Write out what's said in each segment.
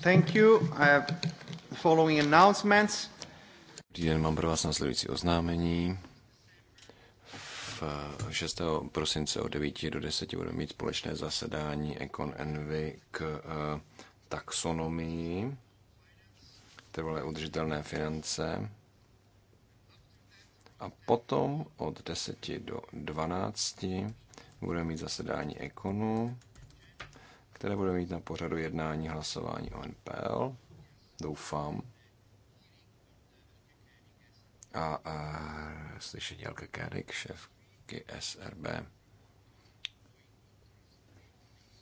Thank you. I have following announcements. Dobrý den, mám pro vás následující oznámení. V 6. Eh, prosince od 9 do 10 budeme mít společné zasedání Econ Envy k eh, taxonomii, trvalé udržitelné finance. A potom od 10 do 12 budeme mít zasedání Econu které budeme mít na pořadu jednání hlasování o NPL. Doufám. A, a slyšet Elke Kerik, šéfky SRB.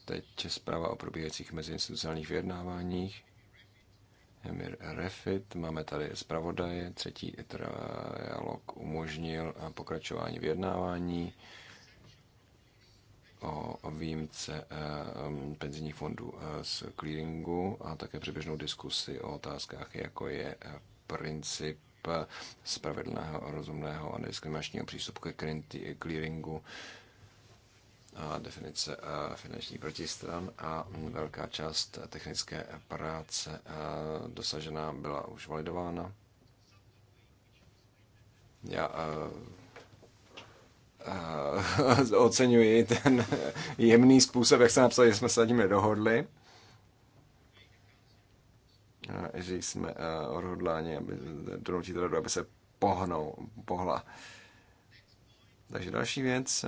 Teď zpráva o probíhajících meziinstitucionálních vyjednáváních. Emir Refit. Máme tady zpravodaje. Třetí dialog umožnil pokračování vyjednávání o výjimce e, penzijních fondů e, z clearingu a také přeběžnou diskusi o otázkách, jako je e, princip spravedlného, rozumného a nediskriminačního přístupu ke clearingu a definice finanční protistran a velká část technické práce dosažená byla už validována. Já Eh, oceňuji ten jemný způsob, jak se napsal, že jsme se tím nedohodli. Eh, že jsme eh, odhodláni, aby donutit radu, aby se pohnou, pohla. Takže další věc.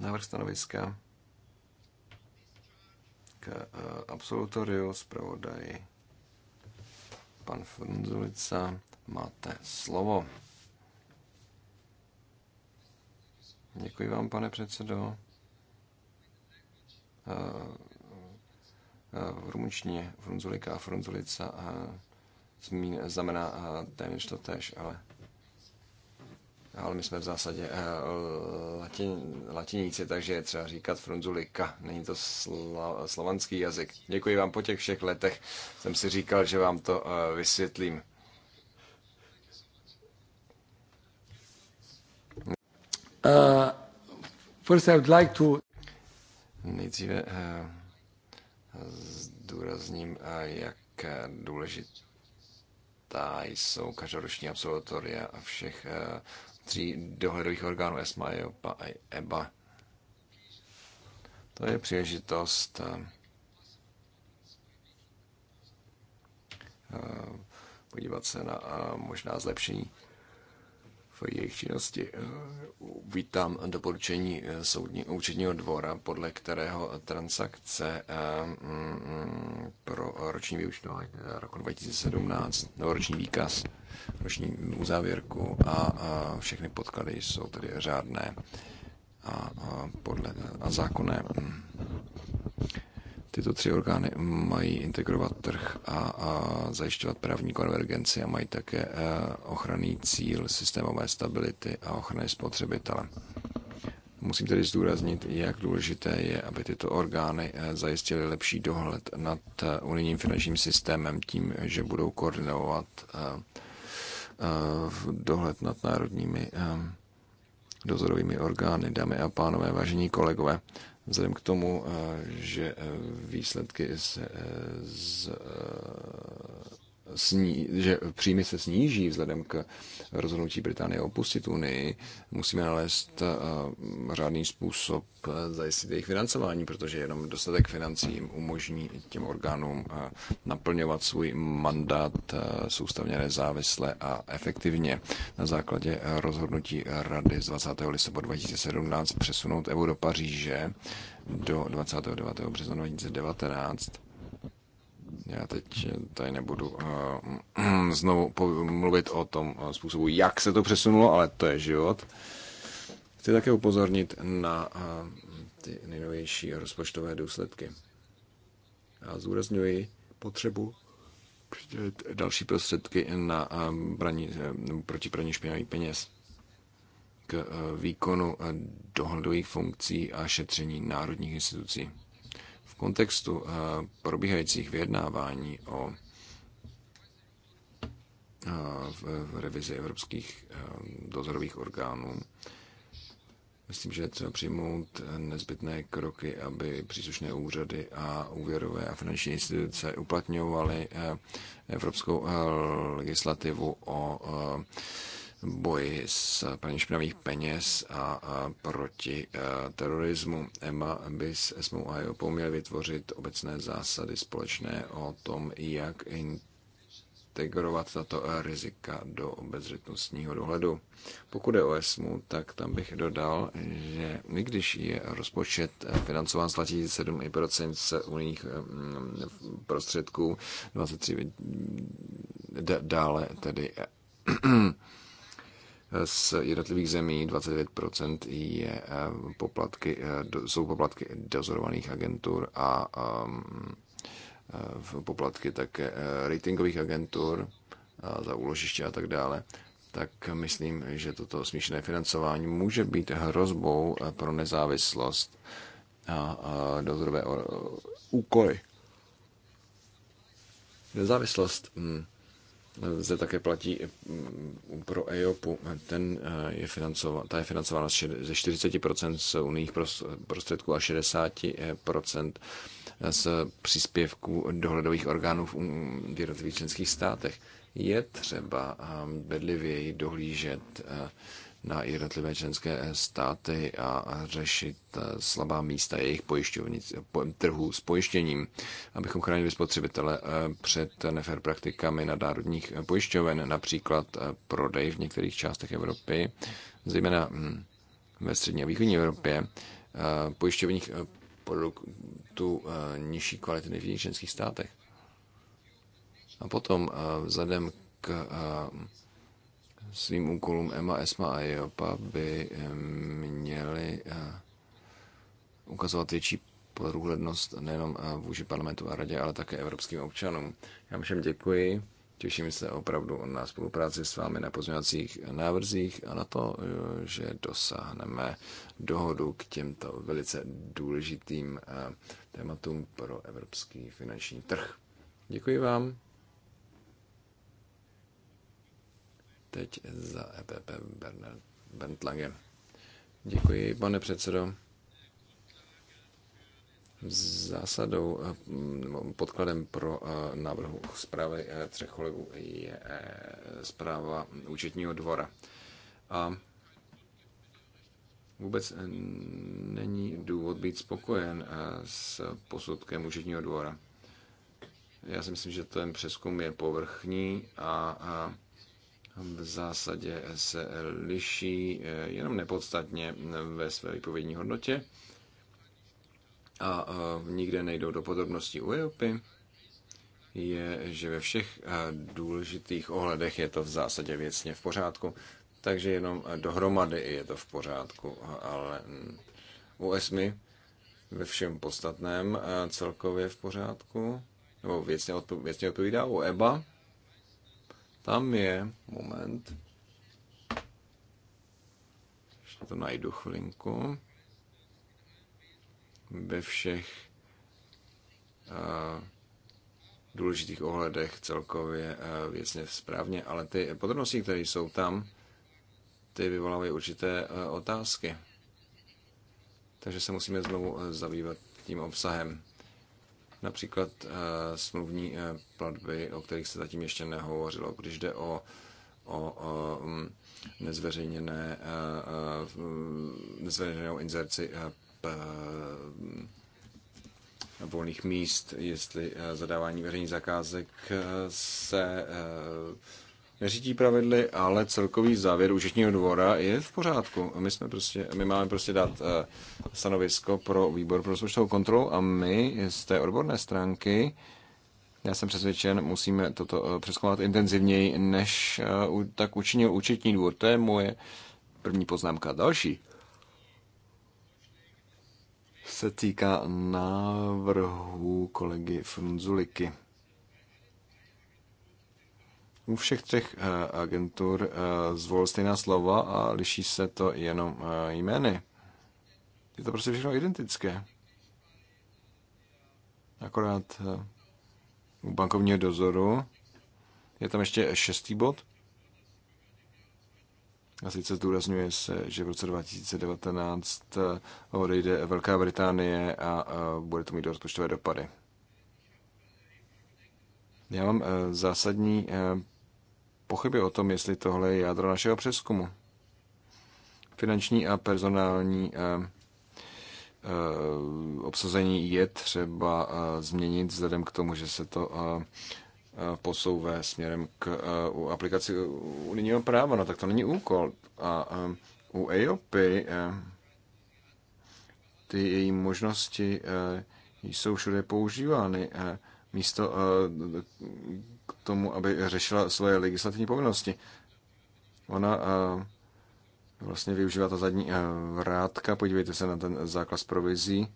Návrh stanoviska k absolutoriu zpravodaji. Pan Frunzulica, máte slovo. Děkuji vám, pane předsedo. Eh, eh, v rumunštině frunzulika a frunzulica eh, znamená téměř to tež, ale ale my jsme v zásadě latin, latiníci, takže je třeba říkat frunzulika. Není to slovanský jazyk. Děkuji vám po těch všech letech. Jsem si říkal, že vám to vysvětlím. Uh, Nejdříve uh, zdůrazním, uh, jak důležitá jsou každoroční absolutoria všech tří dohledových orgánů ESMA, EOPA a EBA. To je příležitost podívat se na možná zlepšení v jejich činnosti. Vítám doporučení eh, soudní, účetního dvora, podle kterého transakce eh, mm, mm, pro roční vyučtování eh, roku 2017, nebo roční výkaz, roční uzávěrku a všechny podklady jsou tedy řádné a, podle, a zákonné. Tyto tři orgány mají integrovat trh a, a zajišťovat právní konvergenci a mají také eh, ochranný cíl systémové stability a ochrany spotřebitele. Musím tedy zdůraznit, jak důležité je, aby tyto orgány eh, zajistily lepší dohled nad eh, unijním finančním systémem tím, že budou koordinovat dohled nad národními dozorovými orgány. Dámy a pánové, vážení kolegové, Vzhledem k tomu, eh, že eh, výsledky eh, z sní, že příjmy se sníží vzhledem k rozhodnutí Británie opustit Unii, musíme nalézt eh, řádný způsob eh, zajistit jejich financování, protože jenom dostatek financí jim umožní těm orgánům eh, naplňovat svůj mandát soustavně nezávisle a efektivně na základě rozhodnutí Rady z 20. listopadu 2017 přesunout EU do Paříže do 29. března 2019 já teď eh, tady nebudu uh, znovu mluvit o tom eh, způsobu, jak se to přesunulo, ale to je život. Chci také upozornit na uh, ty nejnovější rozpočtové důsledky. A zúraznuju potřebu přidělit další prostředky na braní, proti praní špinavých peněz k výkonu dohledových funkcí a šetření národních institucí. V kontextu eh, probíhajících vyjednávání o eh, v revizi evropských eh, dozorových orgánů. Myslím, že je třeba přijmout nezbytné kroky, aby příslušné úřady a úvěrové a finanční instituce uplatňovaly evropskou legislativu o boji s praní špinavých peněz a, proti e, terorismu. EMA by s ESMou a e měly vytvořit obecné zásady společné o tom, jak integrovat tato rizika do obezřetnostního dohledu. Pokud je o ESMu, tak tam bych dodal, že i když je rozpočet financován z 27% z unijních mm, prostředků, 23 dále tedy z jednotlivých zemí, 29% je eh, poplatky, eh, jsou poplatky dozorovaných agentur a ehm, eh, poplatky také ratingových agentur za úložiště a tak dále, tak myslím, že toto smíšené financování může být hrozbou pro nezávislost a dozorové úkoly. Nezávislost. Hmm zde také platí eh, mm, pro EOPu. Eh, ten eh, je ta je financována ze 40% z unijních prostředků a 60% z příspěvků dohledových orgánů mm, v jednotlivých členských státech. Je třeba bedlivěji dohlížet na jednotlivé členské státy a řešit eh, slabá místa jejich trhu s pojištěním, abychom chránili spotřebitele eh, před nefer praktikami nadárodních pojišťoven, například eh, prodej v některých částech Evropy, zejména hm, ve střední a východní Evropě, pojišťovních produktů nižší kvality než v jiných členských státech. A potom vzhledem k svým úkolům EMA, ESMA a Jopa by měli eh, ukazovat větší průhlednost nejenom eh, vůči parlamentu a radě, ale také evropským občanům. Já všem děkuji. Těším se opravdu na spolupráci s vámi na pozměňovacích návrzích a na to, eh, že dosáhneme dohodu k těmto velice důležitým tématům pro evropský finanční trh. Děkuji vám. Teď za EPP Bernard Bentlange. Děkuji, pane předsedo. Zásadou, podkladem pro eh, návrhu zprávy eh, třech kolegů je eh, zpráva účetního dvora. A vůbec není důvod být spokojen s posudkem účetního dvora. Já si myslím, že ten přeskum je povrchní a, a v zásadě se liší eh, jenom nepodstatně ve své výpovědní hodnotě a eh, nikde nejdou do podrobností u EOPy, je, že ve všech eh, důležitých ohledech je to v zásadě věcně v pořádku, takže jenom dohromady je to v pořádku, ale u ESMI ve všem podstatném celkově v pořádku, nebo věcně, odpo- věcně odpovídá u EBA, tam je, moment, ještě to najdu chvilinku, ve všech uh, důležitých ohledech celkově uh, věcně správně, ale ty podrobnosti, které jsou tam, ty vyvolávají určité uh, otázky. Takže se musíme znovu zabývat tím obsahem. Například eh, smluvní eh, platby, o kterých se zatím ještě nehovořilo, když jde o, o, o mm, nezveřejněné, eh, nezveřejněnou inzerci mm, volných míst, jestli zadávání veřejných zakázek se neřídí pravidly, ale celkový závěr účetního dvora je v pořádku. My, jsme prostě, my máme prostě dát eh, stanovisko pro výbor pro rozpočtovou kontrolu a my z té odborné stránky já jsem přesvědčen, musíme toto eh, přeskoumat intenzivněji, než eh, tak učinil účetní dvor. To je moje první poznámka. Další se týká návrhu kolegy Frunzuliky u všech třech eh, agentur eh, zvol stejná slova a liší se to jenom eh, jmény. Je to prostě všechno identické. Akorát u bankovního dozoru je tam ještě šestý bod. A sice zdůrazňuje se, že v roce 2019 odejde Velká Británie a bude to mít rozpočtové dopady. Já mám zásadní pochyby o tom, jestli tohle je jádro našeho přeskumu. Finanční a personální eh, eh, obsazení je třeba eh, změnit vzhledem k tomu, že se to posouvé směrem k aplikaci unijního práva. No tak to není úkol. A u EOP ty její možnosti jsou všude používány. Místo k tomu, aby řešila svoje legislativní povinnosti. Ona eh, vlastně využívá ta zadní eh, vrátka, podívejte se na ten základ provizí,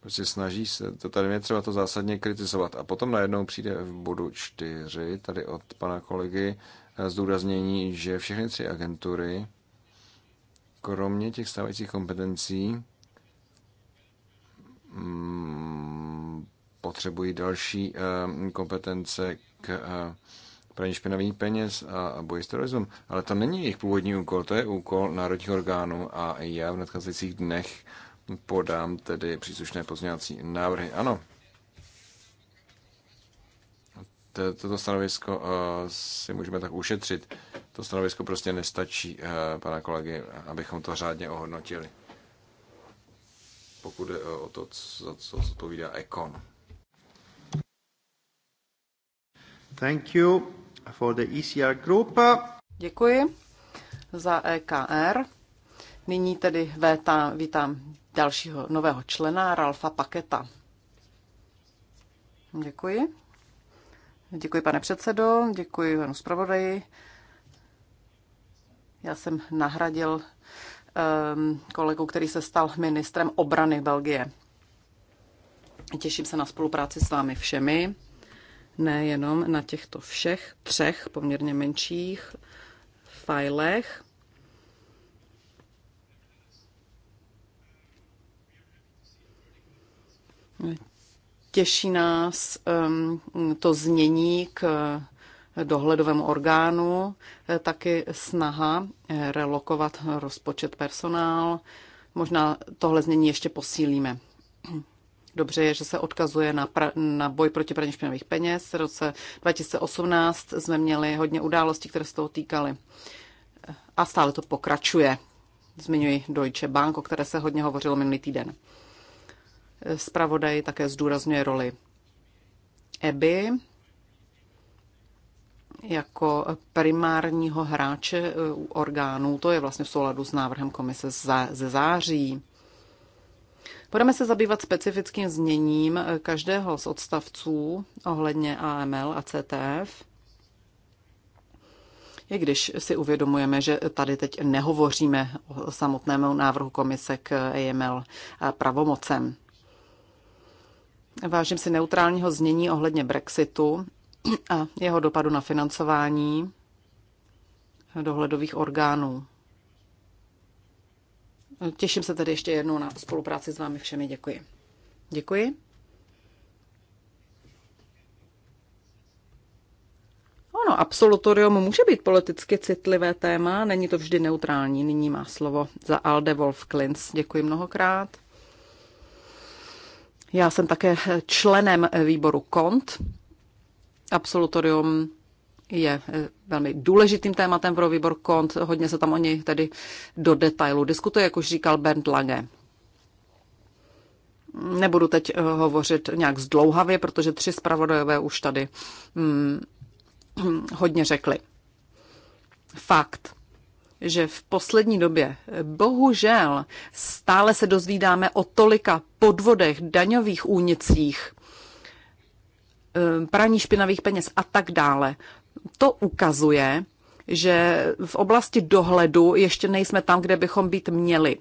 prostě snaží se, to tady mě třeba to zásadně kritizovat. A potom najednou přijde v bodu 4, tady od pana kolegy, eh, zdůraznění, že všechny tři agentury, kromě těch stávajících kompetencí, mm, potřebují další eh, kompetence k eh, praní špinavých peněz a boji s terorismem. Ale to není jejich původní úkol, to je úkol národních orgánů a já v nadcházejících dnech podám tedy příslušné pozměňovací návrhy. Ano. Toto stanovisko eh, si můžeme tak ušetřit. To stanovisko prostě nestačí, pana kolegy, abychom to řádně ohodnotili. Pokud je o to, za co odpovídá Ekon. Thank you for the ECR group. Děkuji za EKR. Nyní tedy vítám, vítám dalšího nového člena, Ralfa Paketa. Děkuji. Děkuji, pane předsedo, děkuji panu zpravodaji. Já jsem nahradil um, kolegu, který se stal ministrem obrany Belgie. Těším se na spolupráci s vámi všemi nejenom na těchto všech třech poměrně menších filech. Těší nás um, to znění k dohledovému orgánu, eh, taky snaha eh, relokovat rozpočet personál. Možná tohle znění ještě posílíme. Dobře je, že se odkazuje na, pra, na boj proti praní špinavých peněz. V roce 2018 jsme měli hodně událostí, které se toho týkaly. A stále to pokračuje. Zmiňuji Deutsche Bank, o které se hodně hovořilo minulý týden. Spravodaj také zdůrazňuje roli EBY jako primárního hráče e, orgánů. To je vlastně v souladu s návrhem komise ze září Budeme se zabývat specifickým zněním eh, každého z odstavců ohledně AML a CTF. I když si uvědomujeme, že tady teď nehovoříme o samotnému návrhu komise k AML pravomocem. Vážím si neutrálního znění ohledně Brexitu a jeho dopadu na financování dohledových orgánů. Těším se tedy ještě jednou na spolupráci s vámi všemi. Děkuji. Děkuji. Ono, absolutorium může být politicky citlivé téma, není to vždy neutrální. Nyní má slovo za Alde Wolf Klins. Děkuji mnohokrát. Já jsem také členem výboru KONT. Absolutorium je eh, velmi důležitým tématem pro výbor kont. Hodně se tam o něj tedy do detailu diskutuje, jak už říkal Bernd Lange. Nebudu teď eh, hovořit nějak zdlouhavě, protože tři zpravodajové už tady hmm, hodně řekli. Fakt, že v poslední době eh, bohužel stále se dozvídáme o tolika podvodech, daňových únicích, praní špinavých peněz a tak dále to ukazuje, že v oblasti dohledu ještě nejsme tam, kde bychom být měli.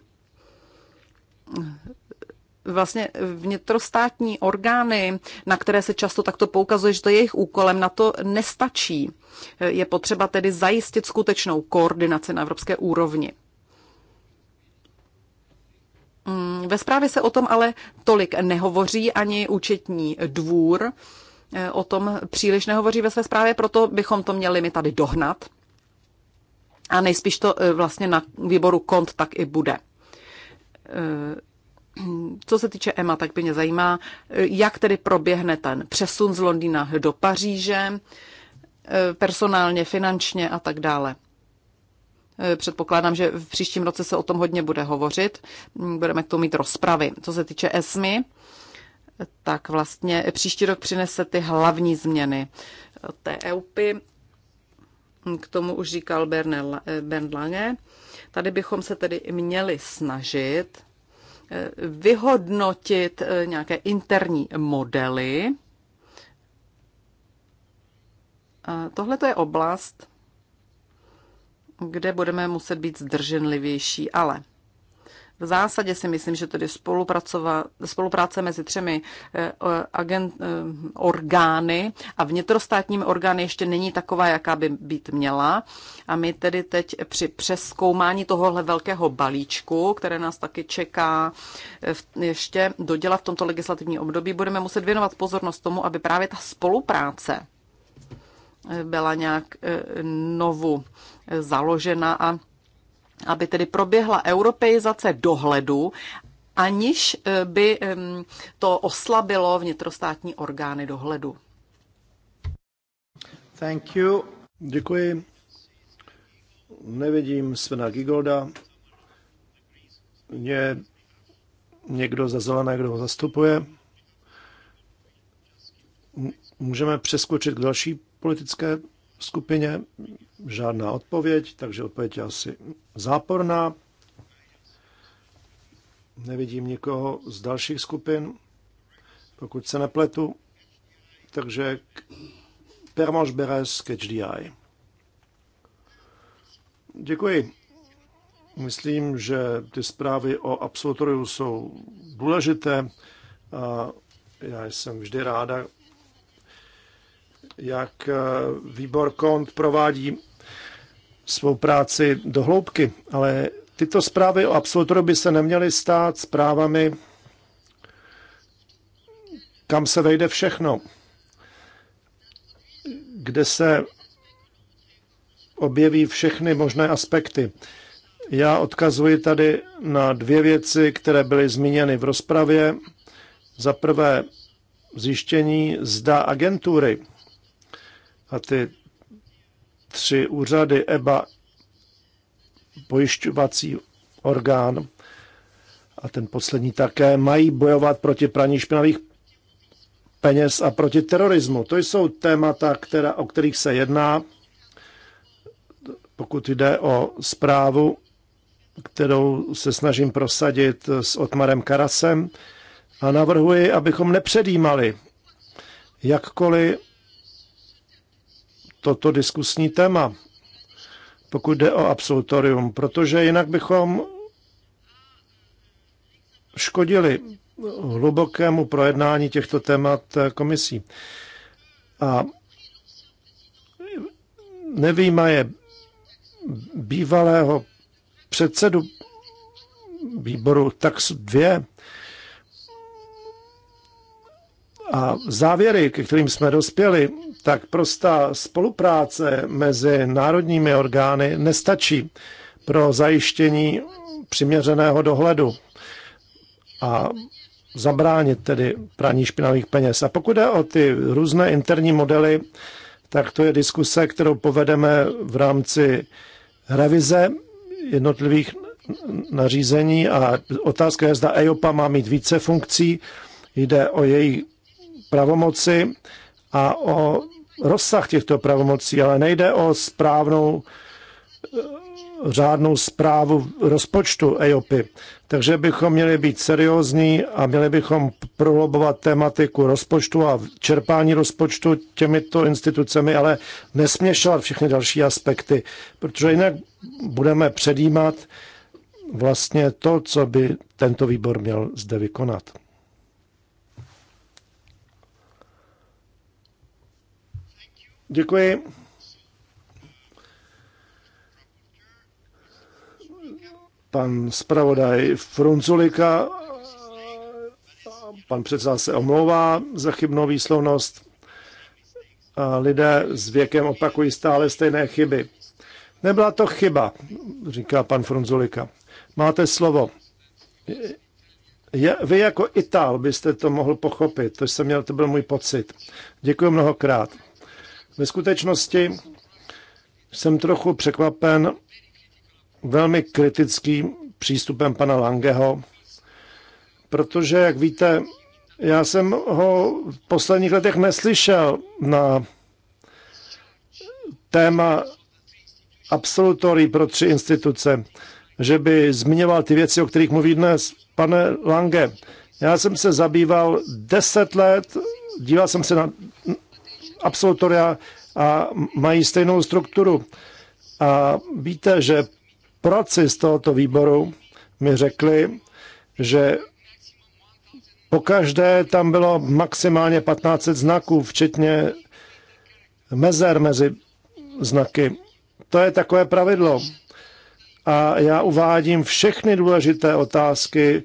Vlastně vnitrostátní orgány, na které se často takto poukazuje, že to je jejich úkolem, na to nestačí. Je potřeba tedy zajistit skutečnou koordinaci na evropské úrovni. Mm, ve zprávě se o tom ale tolik nehovoří ani účetní dvůr. Eh, o tom příliš nehovoří ve své zprávě, proto bychom to měli my tady dohnat. A nejspíš to eh, vlastně na výboru kont tak i bude. Eh, co se týče EMA, tak by mě zajímá, jak tedy proběhne ten přesun z Londýna do Paříže, personálně, finančně a tak dále. Předpokládám, že v příštím roce se o tom hodně bude hovořit. Hm, budeme k tomu mít rozpravy. Co se týče ESMI, tak vlastně příští rok přinese ty hlavní změny eh, té EUPy. K tomu už říkal Ben eh, Lange. Tady bychom se tedy měli snažit eh, vyhodnotit nějaké interní modely. Tohle je oblast, kde budeme muset být zdrženlivější, ale v zásadě si myslím, že tedy spolupráce mezi třemi eh, agent, eh, orgány a vnitrostátními orgány ještě není taková, jaká by být měla. A my tedy teď při přeskoumání tohohle velkého balíčku, které nás taky čeká eh, ještě dodělat v tomto legislativním období, budeme muset věnovat pozornost tomu, aby právě ta spolupráce byla nějak novu založena a aby tedy proběhla europeizace dohledu, aniž eh, by to oslabilo vnitrostátní orgány dohledu. Thank you. Děkuji. Nevidím Svena Gigolda. Mě někdo za zelené, kdo ho zastupuje. Můžeme přeskočit k další politické skupině žádná odpověď, takže odpověď je asi záporná. Nevidím nikoho z dalších skupin, pokud se nepletu. Takže Permanche Beres k HDI. Děkuji. Myslím, že ty zprávy o absolutoriu jsou důležité a já jsem vždy ráda, jak eh, výbor KONT provádí svou práci do hloubky, ale tyto zprávy o absolutoru by se neměly stát zprávami, kam se vejde všechno, kde se objeví všechny možné aspekty. Já odkazuji tady na dvě věci, které byly zmíněny v rozpravě. Za prvé zjištění, zda agentury a ty tři úřady EBA, pojišťovací orgán a ten poslední také, mají bojovat proti praní špinavých peněz a proti terorismu. To jsou témata, která, o kterých se jedná, pokud jde o zprávu, kterou se snažím prosadit s Otmarem Karasem. A navrhuji, abychom nepředjímali, jakkoliv toto diskusní téma, pokud jde o absolutorium, protože jinak bychom škodili hlubokému projednání těchto témat komisí. A nevýma je bývalého předsedu výboru TAX 2, a závěry, ke kterým jsme dospěli, tak prostá spolupráce mezi národními orgány nestačí pro zajištění přiměřeného dohledu a zabránit tedy praní špinavých peněz. A pokud jde o ty různé interní modely, tak to je diskuse, kterou povedeme v rámci revize jednotlivých nařízení a otázka je, zda EIOPA má mít více funkcí, jde o její pravomoci a o rozsah těchto pravomocí, ale nejde o správnou eh, řádnou zprávu rozpočtu EOPy. Takže bychom měli být seriózní a měli bychom prohlobovat tematiku rozpočtu a čerpání rozpočtu těmito institucemi, ale nesměšovat všechny další aspekty, protože jinak budeme předjímat vlastně to, co by tento výbor měl zde vykonat. Děkuji. Pan zpravodaj Frunzulika, pan předseda se omlouvá za chybnou výslovnost. lidé s věkem opakují stále stejné chyby. Nebyla to chyba, říká pan Frunzulika. Máte slovo. Je, vy jako Itál byste to mohl pochopit, to jsem měl, to byl můj pocit. Děkuji mnohokrát. Ve skutečnosti jsem trochu překvapen velmi kritickým přístupem pana Langeho, protože, jak víte, já jsem ho v posledních letech neslyšel na téma absolutory pro tři instituce, že by zmiňoval ty věci, o kterých mluví dnes. Pane Lange, já jsem se zabýval deset let, díval jsem se na absolutoria a mají stejnou strukturu. A víte, že proci z tohoto výboru mi řekli, že po každé tam bylo maximálně 15 znaků, včetně mezer mezi znaky. To je takové pravidlo. A já uvádím všechny důležité otázky,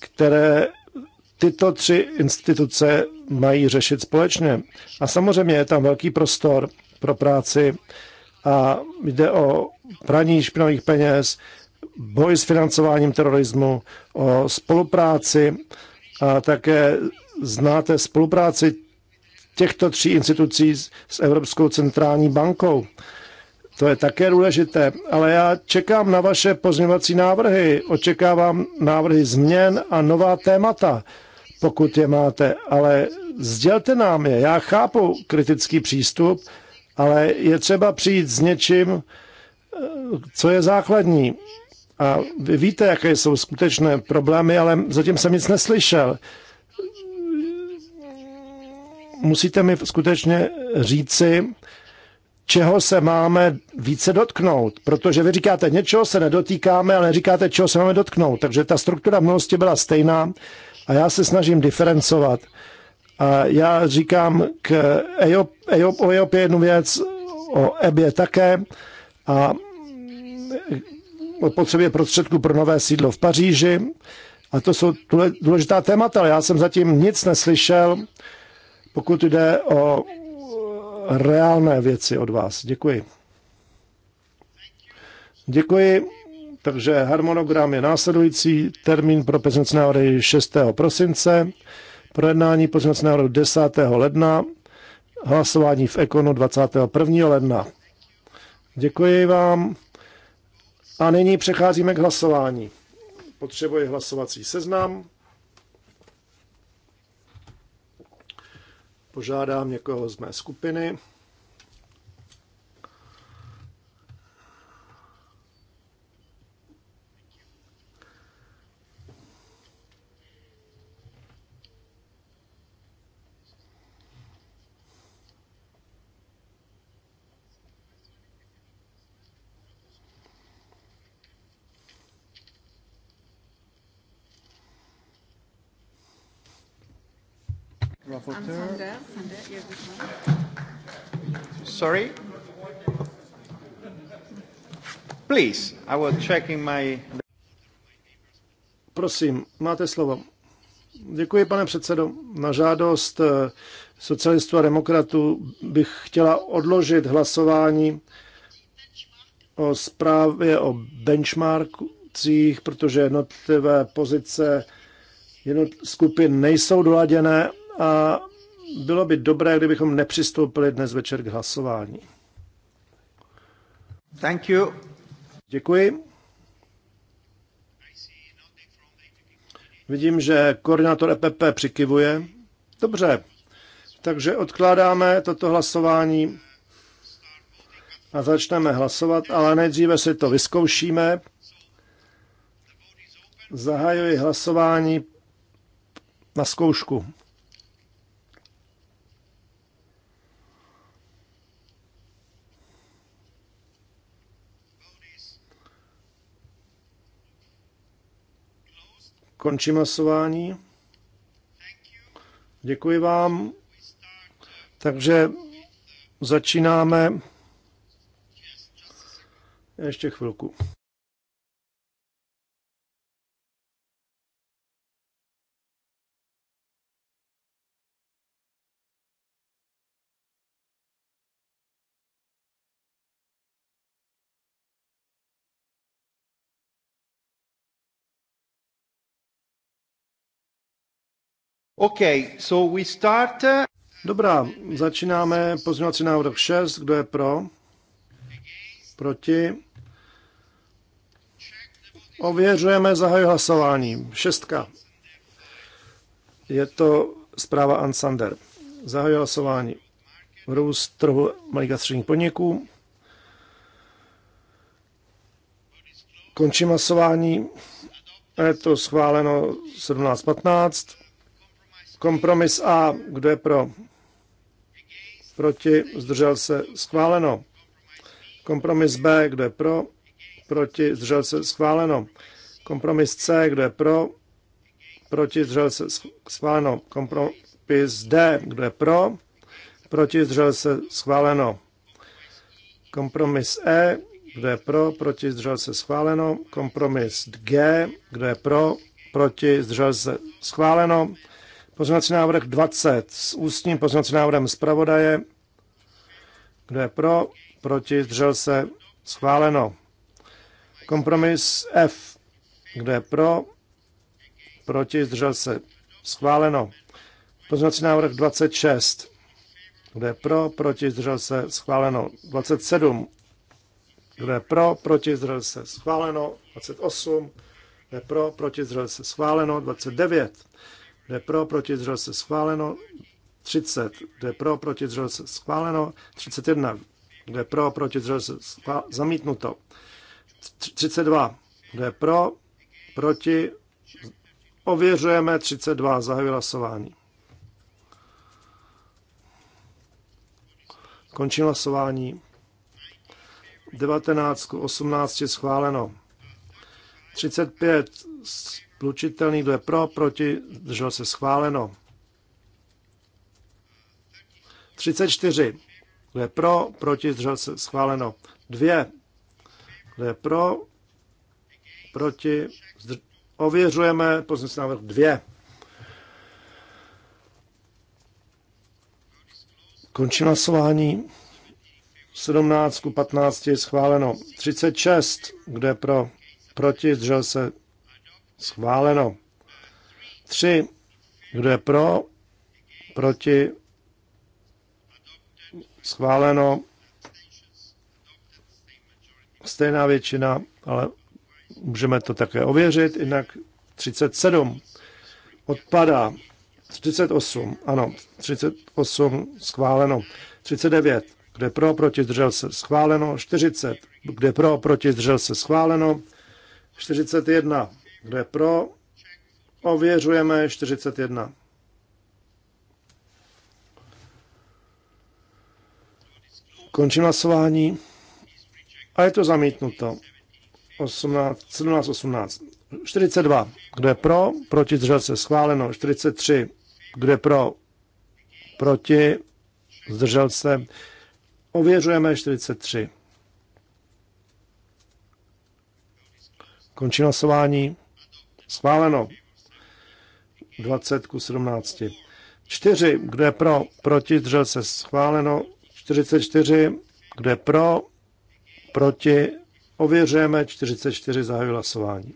které tyto tři instituce mají řešit společně. A samozřejmě je tam velký prostor pro práci a jde o praní špinavých peněz, boj s financováním terorismu, o spolupráci a také znáte spolupráci těchto tří institucí s Evropskou centrální bankou. To je také důležité, ale já čekám na vaše pozměňovací návrhy, očekávám návrhy změn a nová témata, pokud je máte, ale sdělte nám je. Já chápu kritický přístup, ale je třeba přijít s něčím, eh, co je základní. A vy víte, jaké jsou skutečné problémy, ale zatím jsem nic neslyšel. Musíte mi skutečně říci, čeho se máme více dotknout. Protože vy říkáte, něčeho se nedotýkáme, ale říkáte, čeho se máme dotknout. Takže ta struktura mnohosti byla stejná a já se snažím diferencovat. A já říkám k EOP, EOP, o EOP jednu věc, o EBě také a o potřebě prostředků pro nové sídlo v Paříži. A to jsou důležitá témata, ale já jsem zatím nic neslyšel, pokud jde o reálné věci od vás. Děkuji. Děkuji. Takže harmonogram je následující. Termín pro pozměňovací návrhy 6. prosince, projednání pozměňovací návrhu 10. ledna, hlasování v Ekonu 21. ledna. Děkuji vám. A nyní přecházíme k hlasování. Potřebuji hlasovací seznam. Požádám někoho z mé skupiny. rapporteur. Sorry? Please, I was checking my... Prosím, máte slovo. Děkuji, pane předsedo. Na žádost eh, socialistů a demokratů bych chtěla odložit hlasování o zprávě o benchmarkcích, protože jednotlivé pozice jednot, skupin nejsou doladěné a bylo by dobré, kdybychom nepřistoupili dnes večer k hlasování. Thank you. Děkuji. Vidím, že koordinátor EPP přikivuje. Dobře, takže odkládáme toto hlasování a začneme hlasovat, ale nejdříve si to vyzkoušíme. Zahajuji hlasování na zkoušku. Končím hlasování. Děkuji vám. Takže začínáme ještě chvilku. Okay, so we start... Uh, Dobrá, začínáme pozměňovací návrh 6. Kdo je pro? Proti? Ověřujeme, zahaj hlasování. Šestka. Je to zpráva Ansander. Zahaj hlasování. Růst trhu malých a středních podniků. Končím hlasování. Je to schváleno 17.15. Kompromis A, kdo je pro? Proti, zdržel se, schváleno. Kompromis B, kdo je pro? Proti, zdržel se, schváleno. Kompromis C, kdo je pro? Proti, zdržel se, schváleno. Kompromis D, kdo je pro? Proti, zdržel se, schváleno. Kompromis E, kdo je pro? Proti, zdržel se, schváleno. Kompromis G, kdo je pro? Proti, zdržel se, schváleno. Pozměňovací návrh 20 s ústním poznací návrhem zpravodaje. Kdo je pro? Proti? Zdržel se? Schváleno. Kompromis F. Kdo je pro? Proti? Zdržel se? Schváleno. Pozměňovací návrh 26. Kdo je pro? Proti? Zdržel se? Schváleno. 27. Kdo je pro? Proti? Zdržel se? Schváleno. 28. Kdo je pro? Proti? Zdržel se? Schváleno. 29 jde pro, proti, zdržel se, schváleno. 30, jde pro, proti, zdržel se, schváleno. 31, jde pro, proti, zdržel se, schváleno. zamítnuto. 32, jde pro, proti, ověřujeme 32, zahajuji hlasování. Končím hlasování. 19 18 schváleno. 35 slučitelný, kdo je pro, proti, držel se schváleno. 34. Kdo je pro, proti, držel se schváleno. 2. Kdo je pro, proti, zdr... ověřujeme pozměnit návrh 2. Končím hlasování. 17 ku 15 je schváleno. 36. Kdo je pro, proti, zdržel se Schváleno. Tři, Kdo je pro? Proti? Schváleno. Stejná většina, ale můžeme to také ověřit, jinak 37 odpadá. 38, ano, 38 schváleno. 39, kde pro, proti, zdržel se schváleno. 40, kde pro, proti, zdržel se schváleno. 41, kdo je pro? Ověřujeme 41. Končím hlasování. A je to zamítnuto. 18, 17, 18. 42. Kdo je pro? Proti zdržel se schváleno. 43. Kdo je pro? Proti zdržel se. Ověřujeme 43. Končí hlasování. Schváleno. 20 ku 17. 4, kdo je pro, proti, zdržel se, schváleno. 44, kdo je pro, proti, ověřujeme, 44 zahajuji hlasování.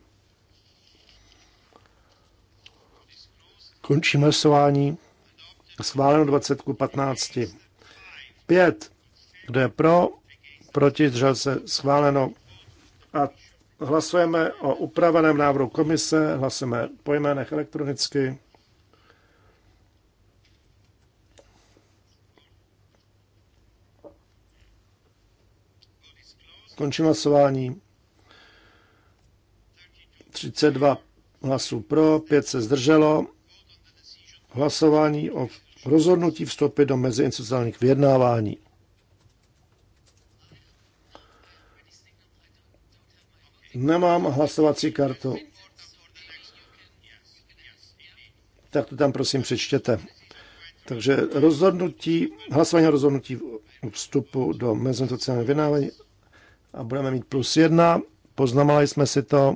Končíme hlasování. Schváleno 20 ku 15. 5, kdo je pro, proti, zdržel se, schváleno. A Hlasujeme o upraveném návrhu komise, hlasujeme po jménech elektronicky. Končím hlasování. 32 hlasů pro, 5 se zdrželo. Hlasování o rozhodnutí vstoupit do meziinstitucionálních vyjednávání. Nemám hlasovací kartu. Tak to tam prosím přečtěte. Takže rozhodnutí, hlasování o rozhodnutí vstupu do mezinárodního vynávání a budeme mít plus jedna. Poznamenali jsme si to.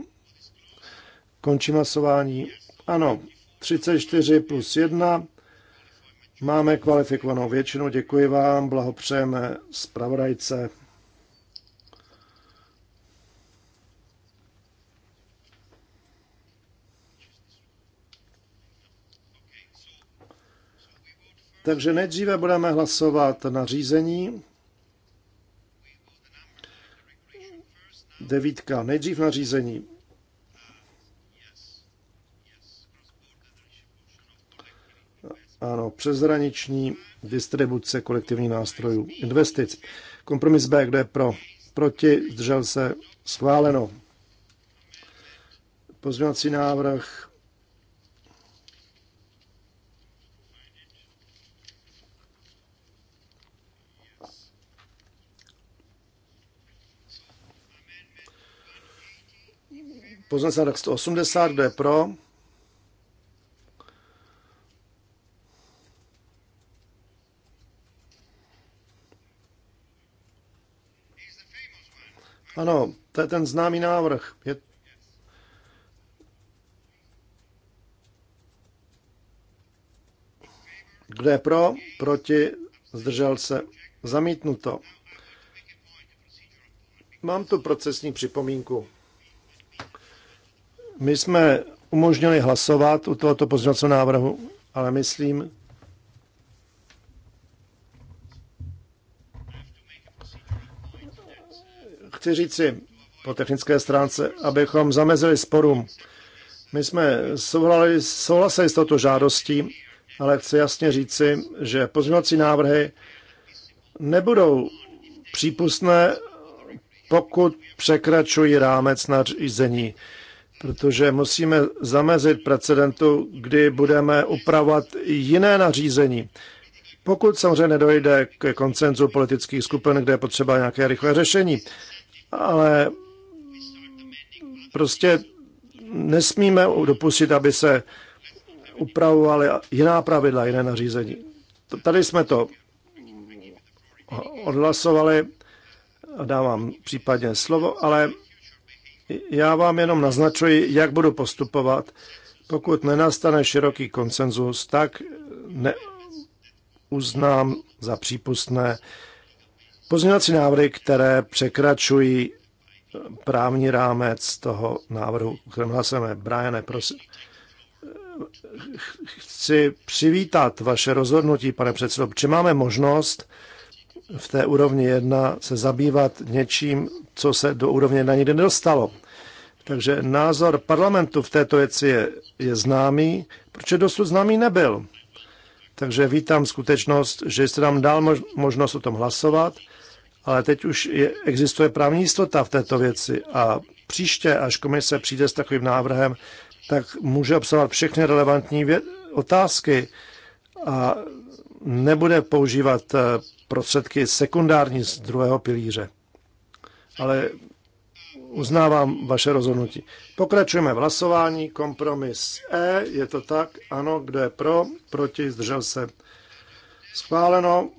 Končím hlasování. Ano, 34 plus 1. Máme kvalifikovanou většinu. Děkuji vám, blahopřejeme zpravodajce. Takže nejdříve budeme hlasovat na řízení. Devítka, nejdřív na řízení. Ano, přezhraniční distribuce kolektivních nástrojů investic. Kompromis B, kde je pro, proti, zdržel se, schváleno. Pozměňovací návrh Poznací návrh 180, kdo je pro? Ano, to je ten známý návrh. Je... Kdo je pro, proti, zdržel se, zamítnuto. Mám tu procesní připomínku. My jsme umožnili hlasovat u tohoto pozměňovacího návrhu, ale myslím, chci říci po technické stránce, abychom zamezili sporům. My jsme souhlasili, souhlasili s touto žádostí, ale chci jasně říci, že pozměňovací návrhy nebudou přípustné, pokud překračují rámec nařízení protože musíme zamezit precedentu, kdy budeme upravovat jiné nařízení. Pokud samozřejmě nedojde k koncenzu politických skupin, kde je potřeba nějaké rychlé řešení, ale prostě nesmíme dopustit, aby se upravovaly jiná pravidla, jiné nařízení. Tady jsme to odhlasovali, dávám případně slovo, ale já vám jenom naznačuji, jak budu postupovat. Pokud nenastane široký konsenzus, tak neuznám za přípustné pozměňovací návrhy, které překračují právní rámec toho návrhu, kterým hlasujeme. Brian, prosím. Chci přivítat vaše rozhodnutí, pane předsedo, či máme možnost v té úrovni 1 se zabývat něčím, co se do úrovně na nikdy nedostalo. Takže názor parlamentu v této věci je, je známý, protože dosud známý nebyl. Takže vítám skutečnost, že jste nám dal možnost o tom hlasovat, ale teď už je, existuje právní jistota v této věci a příště, až komise přijde s takovým návrhem, tak může obsahovat všechny relevantní vě- otázky a nebude používat eh, prostředky sekundární z druhého pilíře. Ale uznávám vaše rozhodnutí. Pokračujeme v hlasování. Kompromis E, je to tak? Ano, kdo je pro? Proti? Zdržel se? Schváleno.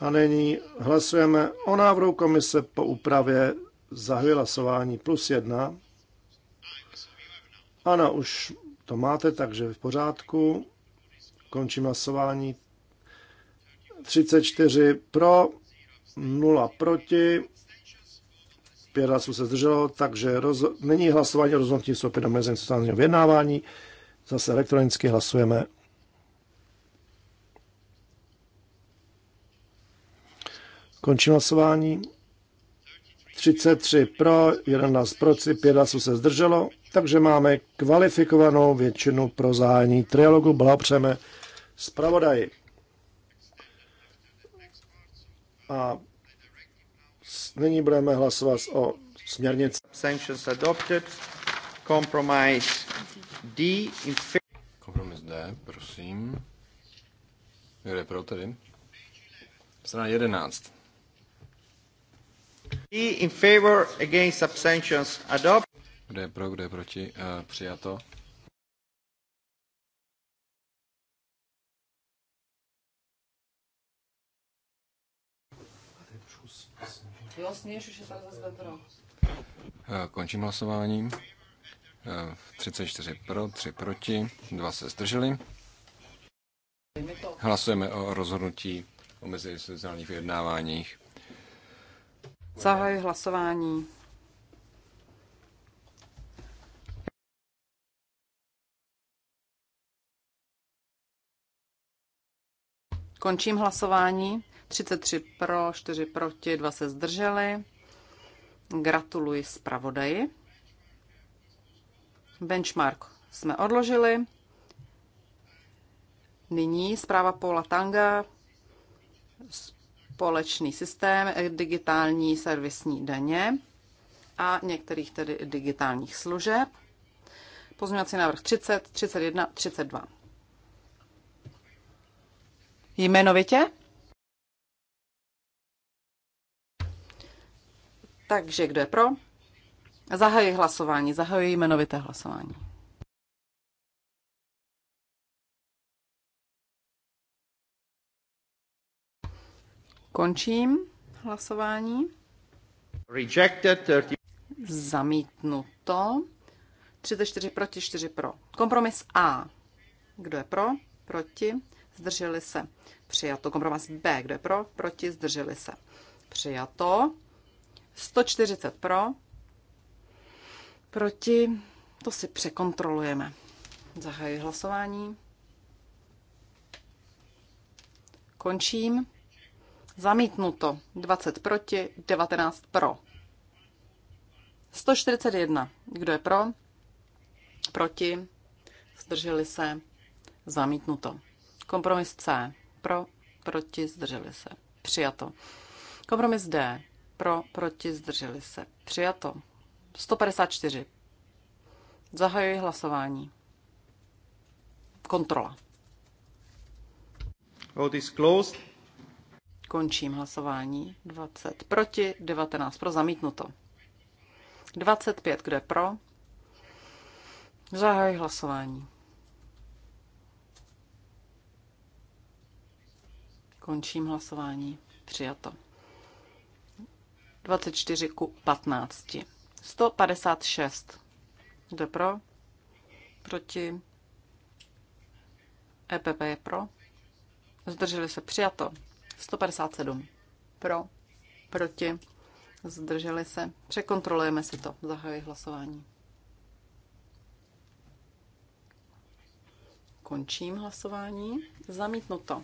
A nyní hlasujeme o návrhu komise po úpravě zahajuji hlasování plus jedna. Ano, už to máte, takže v pořádku. Končím hlasování. 34 pro, 0 proti pět hlasů se zdrželo, takže roz... není hlasování o rozhodnutí vstoupit do mezinstitucionálního vyjednávání. Zase elektronicky hlasujeme. Končím hlasování. 33 pro, 11 proti, 5 hlasů se zdrželo, takže máme kvalifikovanou většinu pro zahájení trialogu. Blahopřejeme zpravodaji. A Nyní budeme hlasovat o směrnici. Sanctions adopted. Compromise D. Kompromis D, prosím. Kde pro tedy? Strana 11. D in favor against abstentions adopt. Kde je pro, kde je proti? Uh, přijato. Vlastně eh, končím hlasování. 34 eh, pro, 3 proti, 2 se zdrželi. Hlasujeme o rozhodnutí o mezinstitucionálních vyjednáváních. Zahajuji hlasování. Končím hlasování. 33 pro, 4 proti, 2 se zdrželi. Gratuluji zpravodaji. Benchmark jsme odložili. Nyní zpráva Paula Tanga, společný systém, digitální servisní daně a některých tedy digitálních služeb. Pozměňovací návrh 30, 31, 32. Jmenovitě? Takže kdo je pro? Zahajuji hlasování, zahajuji jmenovité hlasování. Končím hlasování. Rejected 30. Zamítnuto. 34 proti, 4 pro. Kompromis A. Kdo je pro? Proti. Zdrželi se. Přijato. Kompromis B. Kdo je pro? Proti. Zdrželi se. Přijato. 140 pro, proti, to si překontrolujeme. Zahajuji hlasování. Končím. Zamítnuto. 20 proti, 19 pro. 141. Kdo je pro? Proti. Zdrželi se. Zamítnuto. Kompromis C. Pro, proti, zdrželi se. Přijato. Kompromis D. Pro, proti, zdrželi se. Přijato. 154. Zahajuji hlasování. Kontrola. Vote is closed. Končím hlasování. 20 proti, 19 pro, zamítnuto. 25, kde pro? Zahajuji hlasování. Končím hlasování. Přijato. 24 ku 15. 156. Kdo pro? Proti? EPP je pro. Zdrželi se přijato. 157. Pro. Proti. Zdrželi se. Překontrolujeme si to. Zahajuji hlasování. Končím hlasování. Zamítnuto.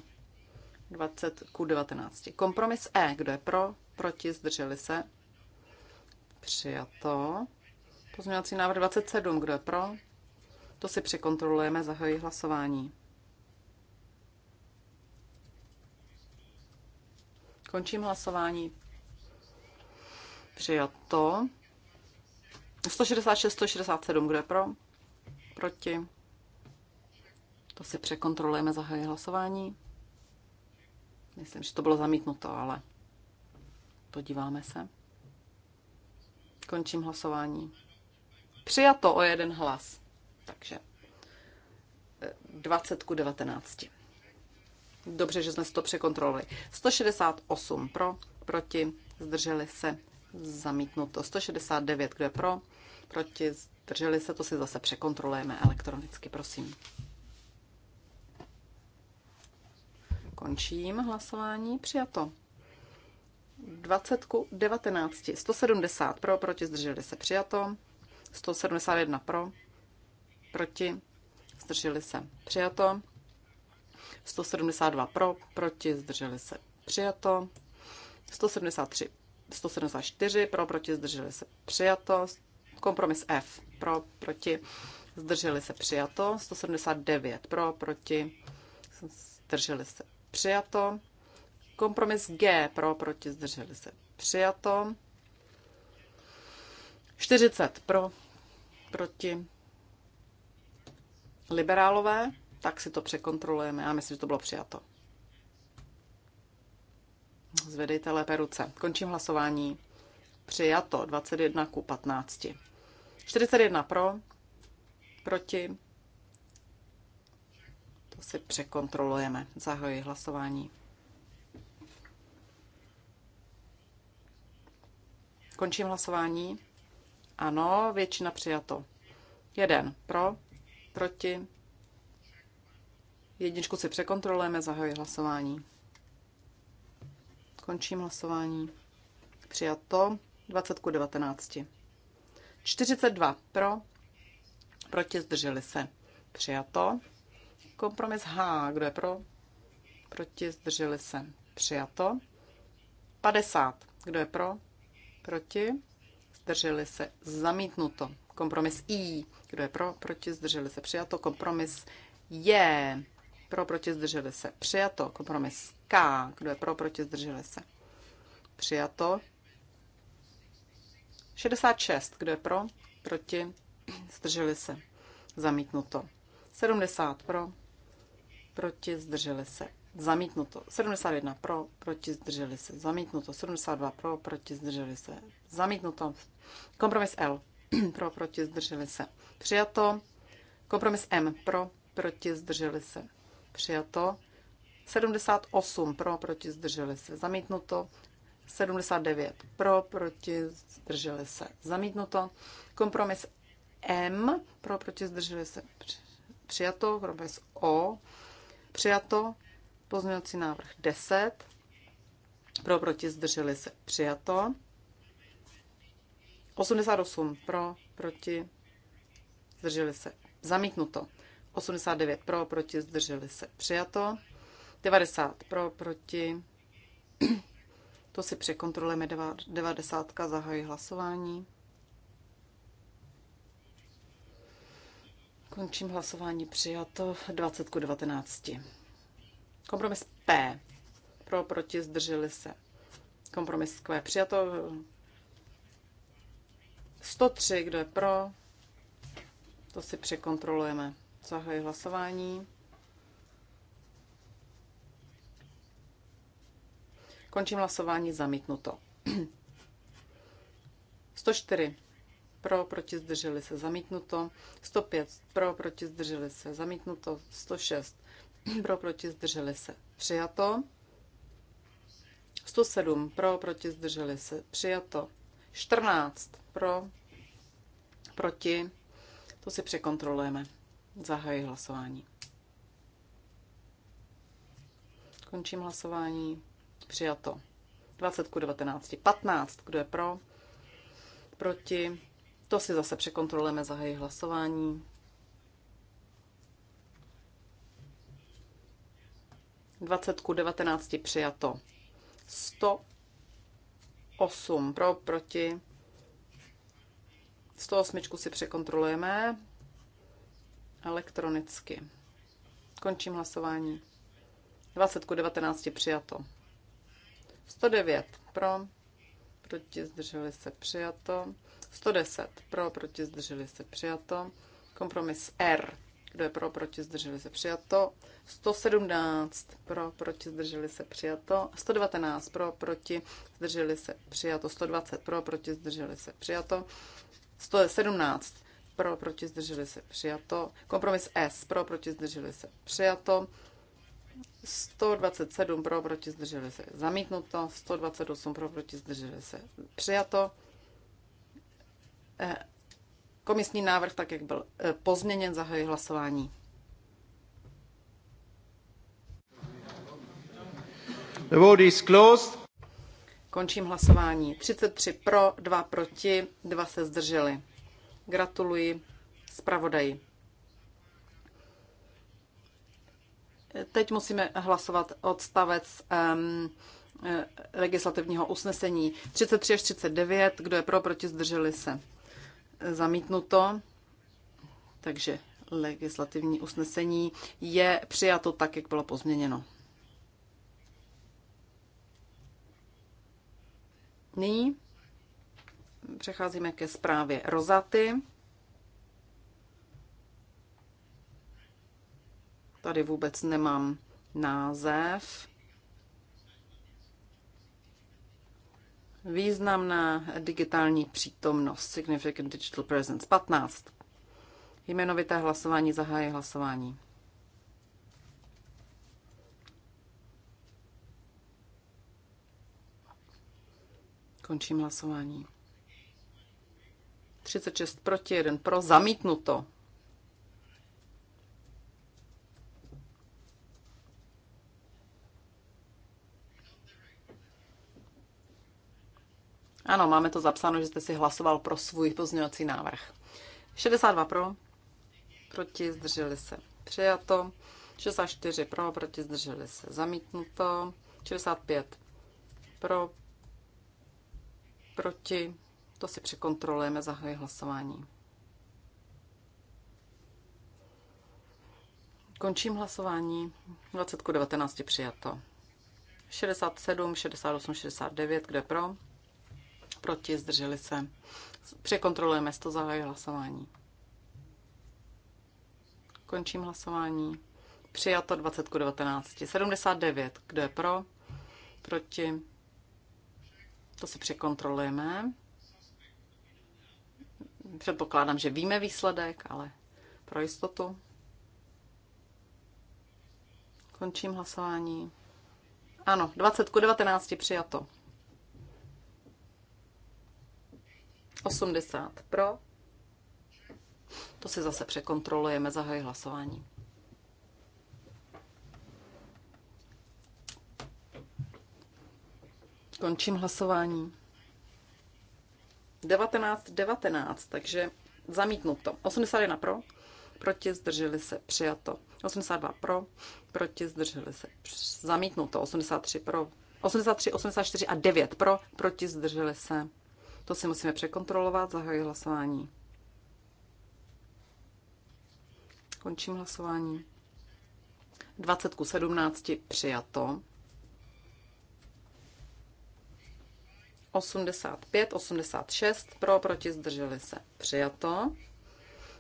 20 ku 19. Kompromis E. Kdo je pro? Proti? Zdrželi se? Přijato. Pozměňovací návrh 27. Kdo je pro? To si překontrolujeme. Zahajuji hlasování. Končím hlasování. Přijato. 166, 167, kdo je pro? Proti. To si překontrolujeme, zahajuji hlasování. Myslím, že to bylo zamítnuto, ale podíváme se. Končím hlasování. Přijato o jeden hlas. Takže 20 e, ku 19. Dobře, že jsme si to překontrolovali. 168 pro, proti, zdrželi se, zamítnuto. 169, kdo je pro, proti, zdrželi se, to si zase překontrolujeme elektronicky, prosím. Končím hlasování. Přijato. 20 ku 19. 170 pro, proti zdrželi se přijato. 171 pro, proti zdrželi se přijato. 172 pro, proti zdrželi se přijato. 173, 174 pro, proti zdrželi se přijato. Kompromis F pro, proti zdrželi se přijato. 179 pro, proti zdrželi se přijato. Kompromis G pro, proti, zdrželi se, přijato. 40 pro, proti liberálové, tak si to překontrolujeme. Já myslím, že to bylo přijato. Zvedejte lépe ruce. Končím hlasování. Přijato 21 ku 15. 41 pro, proti to si překontrolujeme. Zahajuji hlasování. Končím hlasování. Ano, většina přijato. Jeden pro, proti. Jedničku si překontrolujeme, zahajuji hlasování. Končím hlasování. Přijato 20 ku 19. 42 pro, proti zdrželi se. Přijato Kompromis H, kdo je pro? Proti, zdrželi se. Přijato. 50, kdo je pro? Proti, zdrželi se. Zamítnuto. Kompromis I, kdo je pro? Proti, zdrželi se. Přijato. Kompromis J, pro, proti, zdrželi se. Přijato. Kompromis K, kdo je pro? Proti, zdrželi se. Přijato. 66, kdo je pro? Proti, zdrželi se. Zamítnuto. 70 pro, proti, zdrželi se. Zamítnuto. 71 pro, proti, zdrželi se. Zamítnuto. 72 pro, proti, zdrželi se. Zamítnuto. Kompromis L. pro, proti, zdrželi se. Přijato. Kompromis M. Pro, proti, zdrželi se. Přijato. 78 pro, proti, zdrželi se. Zamítnuto. 79 pro, proti, zdrželi se. Zamítnuto. Kompromis M. Pro, proti, zdrželi se. Přijato. Kompromis O Přijato. Pozměňovací návrh 10. Pro, proti, zdrželi se. Přijato. 88 pro, proti, zdrželi se. Zamítnuto. 89 pro, proti, zdrželi se. Přijato. 90 pro, proti. To si překontrolujeme. 90. zahají hlasování. Končím hlasování přijato 20 k 19. Kompromis P. Pro, proti, zdrželi se. Kompromis Q. Přijato 103, kdo je pro. To si překontrolujeme. Zahajuji hlasování. Končím hlasování zamítnuto. 104. pro, proti zdrželi se zamítnuto, 105 pro, proti zdrželi se zamítnuto, 106 pro, proti zdrželi se přijato, 107 pro, proti zdrželi se přijato, 14 pro, proti, to si překontrolujeme, zahajuji hlasování. Končím hlasování. Přijato. 20 ku 19. 15. Kdo je pro? Proti? To si zase překontrolujeme, zahají hlasování. 20 ku 19 přijato. 108 pro, proti. 108 si překontrolujeme elektronicky. Končím hlasování. 20 ku 19 přijato. 109 pro, proti zdrželi se přijato. 110 pro, proti, zdrželi se přijato. Kompromis R. Kdo je pro, proti, zdrželi se přijato. 117 pro, proti, zdrželi se přijato. 119 pro, proti, zdrželi se přijato. 120 pro, proti, zdrželi se přijato. 117 pro, proti, zdrželi se přijato. Kompromis S pro, proti, zdrželi se přijato. 127 pro, proti, zdrželi se zamítnuto. 128 pro, proti, zdrželi se přijato. Eh, komisní návrh, tak jak byl eh, pozměněn, zahajuji hlasování. The vote is closed. Končím hlasování. 33 pro, 2 proti, 2 se zdrželi. Gratuluji zpravodaji. Eh, teď musíme hlasovat odstavec um, legislativního usnesení 33 až 39. Kdo je pro, proti, zdrželi se zamítnuto, takže legislativní usnesení je přijato tak, jak bylo pozměněno. Nyní přecházíme ke zprávě Rozaty. Tady vůbec nemám název. Významná digitální přítomnost, significant digital presence, 15. Jmenovité hlasování, zahájí hlasování. Končím hlasování. 36 proti, 1 pro, zamítnuto. Ano, máme to zapsáno, že jste si hlasoval pro svůj pozměňovací návrh. 62 pro, proti, zdrželi se. Přijato. 64 pro, proti, zdrželi se. Zamítnuto. 65 pro, proti. To si překontrolujeme, zahajuje hlasování. Končím hlasování. 20 19 přijato. 67, 68, 69, kde pro? proti, zdrželi se. Překontrolujeme to, zahájí hlasování. Končím hlasování. Přijato 20 k 19. 79. Kdo je pro? Proti? To si překontrolujeme. Předpokládám, že víme výsledek, ale pro jistotu. Končím hlasování. Ano, 20 k 19 přijato. 80 pro. To si zase překontrolujeme, zahají hlasování. Končím hlasování. 19, 19, takže zamítnuto. 81 pro, proti zdrželi se přijato. 82 pro, proti zdrželi se zamítnuto. 83 pro, 83, 84 a 9 pro, proti zdrželi se to si musíme překontrolovat. Zahajuji hlasování. Končím hlasování. 20 ku 17 přijato. 85, 86 pro, proti zdrželi se. Přijato.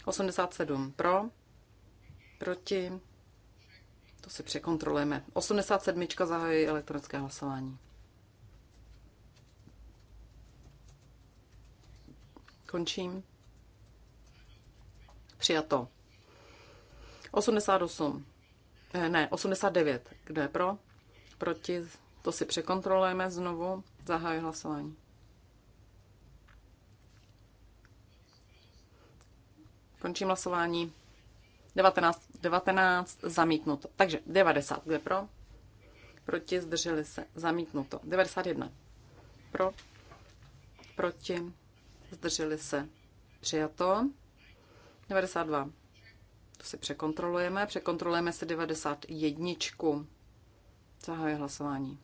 87 pro, proti. To si překontrolujeme. 87. zahajuje elektronické hlasování. Končím. Přijato. 88. Eh, ne, 89. Kdo je pro? Proti? To si překontrolujeme znovu. Zahajuji hlasování. Končím hlasování. 19, 19 zamítnuto. Takže 90, kde pro? Proti, zdrželi se, zamítnuto. 91, pro, proti, zdrželi se přijato. 92. To si překontrolujeme. Překontrolujeme si 91. Zahajuje hlasování.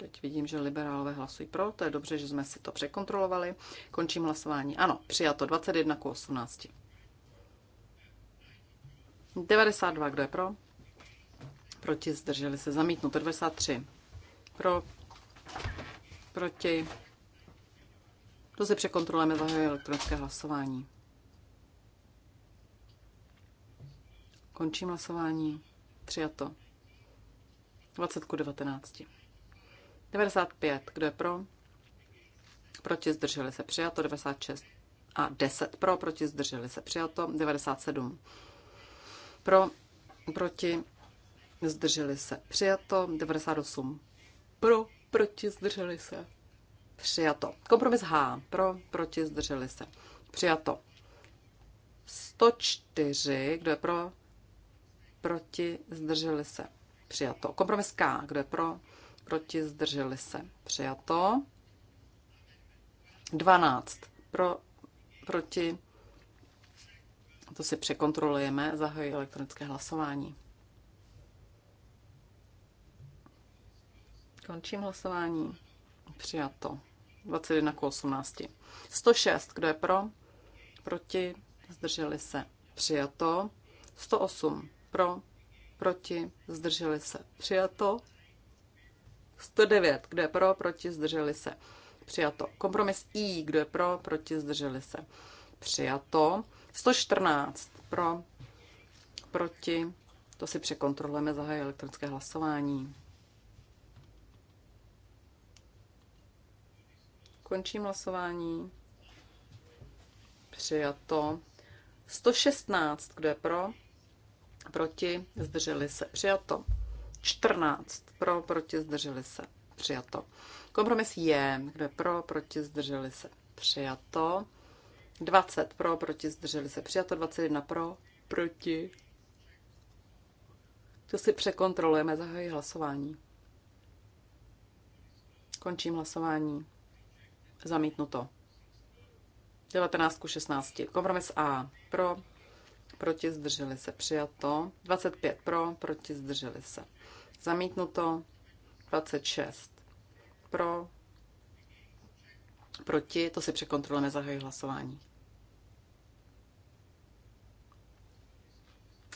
Teď vidím, že liberálové hlasují pro, to je dobře, že jsme si to překontrolovali. Končím hlasování. Ano, přijato 21 k 18. 92, kdo je pro? Proti zdrželi se zamítnuto 93. Pro, Proti. To si překontrolujeme, za elektronické hlasování. Končím hlasování. Přijato. 20 ku 19. 95. Kdo je pro? Proti zdrželi se přijato. 96 a 10 pro. Proti zdrželi se přijato. 97 pro. Proti zdrželi se přijato. 98 pro proti, zdrželi se. Přijato. Kompromis H. Pro, proti, zdrželi se. Přijato. 104. Kdo je pro? Proti, zdrželi se. Přijato. Kompromis K. Kdo je pro? Proti, zdrželi se. Přijato. 12. Pro, proti, to si překontrolujeme, zahajuji elektronické hlasování. Končím hlasování. Přijato. 21 k 18. 106. Kdo je pro? Proti? Zdrželi se. Přijato. 108. Pro? Proti? Zdrželi se. Přijato. 109. Kdo je pro? Proti? Zdrželi se. Přijato. Kompromis I. Kdo je pro? Proti? Zdrželi se. Přijato. 114. Pro? Proti? To si překontrolujeme, zahájí elektronické hlasování. Končím hlasování. Přijato. 116, kdo je pro? Proti, zdrželi se. Přijato. 14, pro, proti, zdrželi se. Přijato. Kompromis je, kdo je pro, proti, zdrželi se. Přijato. 20 pro, proti, zdrželi se. Přijato 21 pro, proti. To si překontrolujeme, zahají hlasování. Končím hlasování. Zamítnuto. 19 ku 16. Kompromis A. Pro, proti, zdrželi se. Přijato. 25 pro, proti, zdrželi se. Zamítnuto. 26 pro, proti, to si překontrolujeme, za hlasování.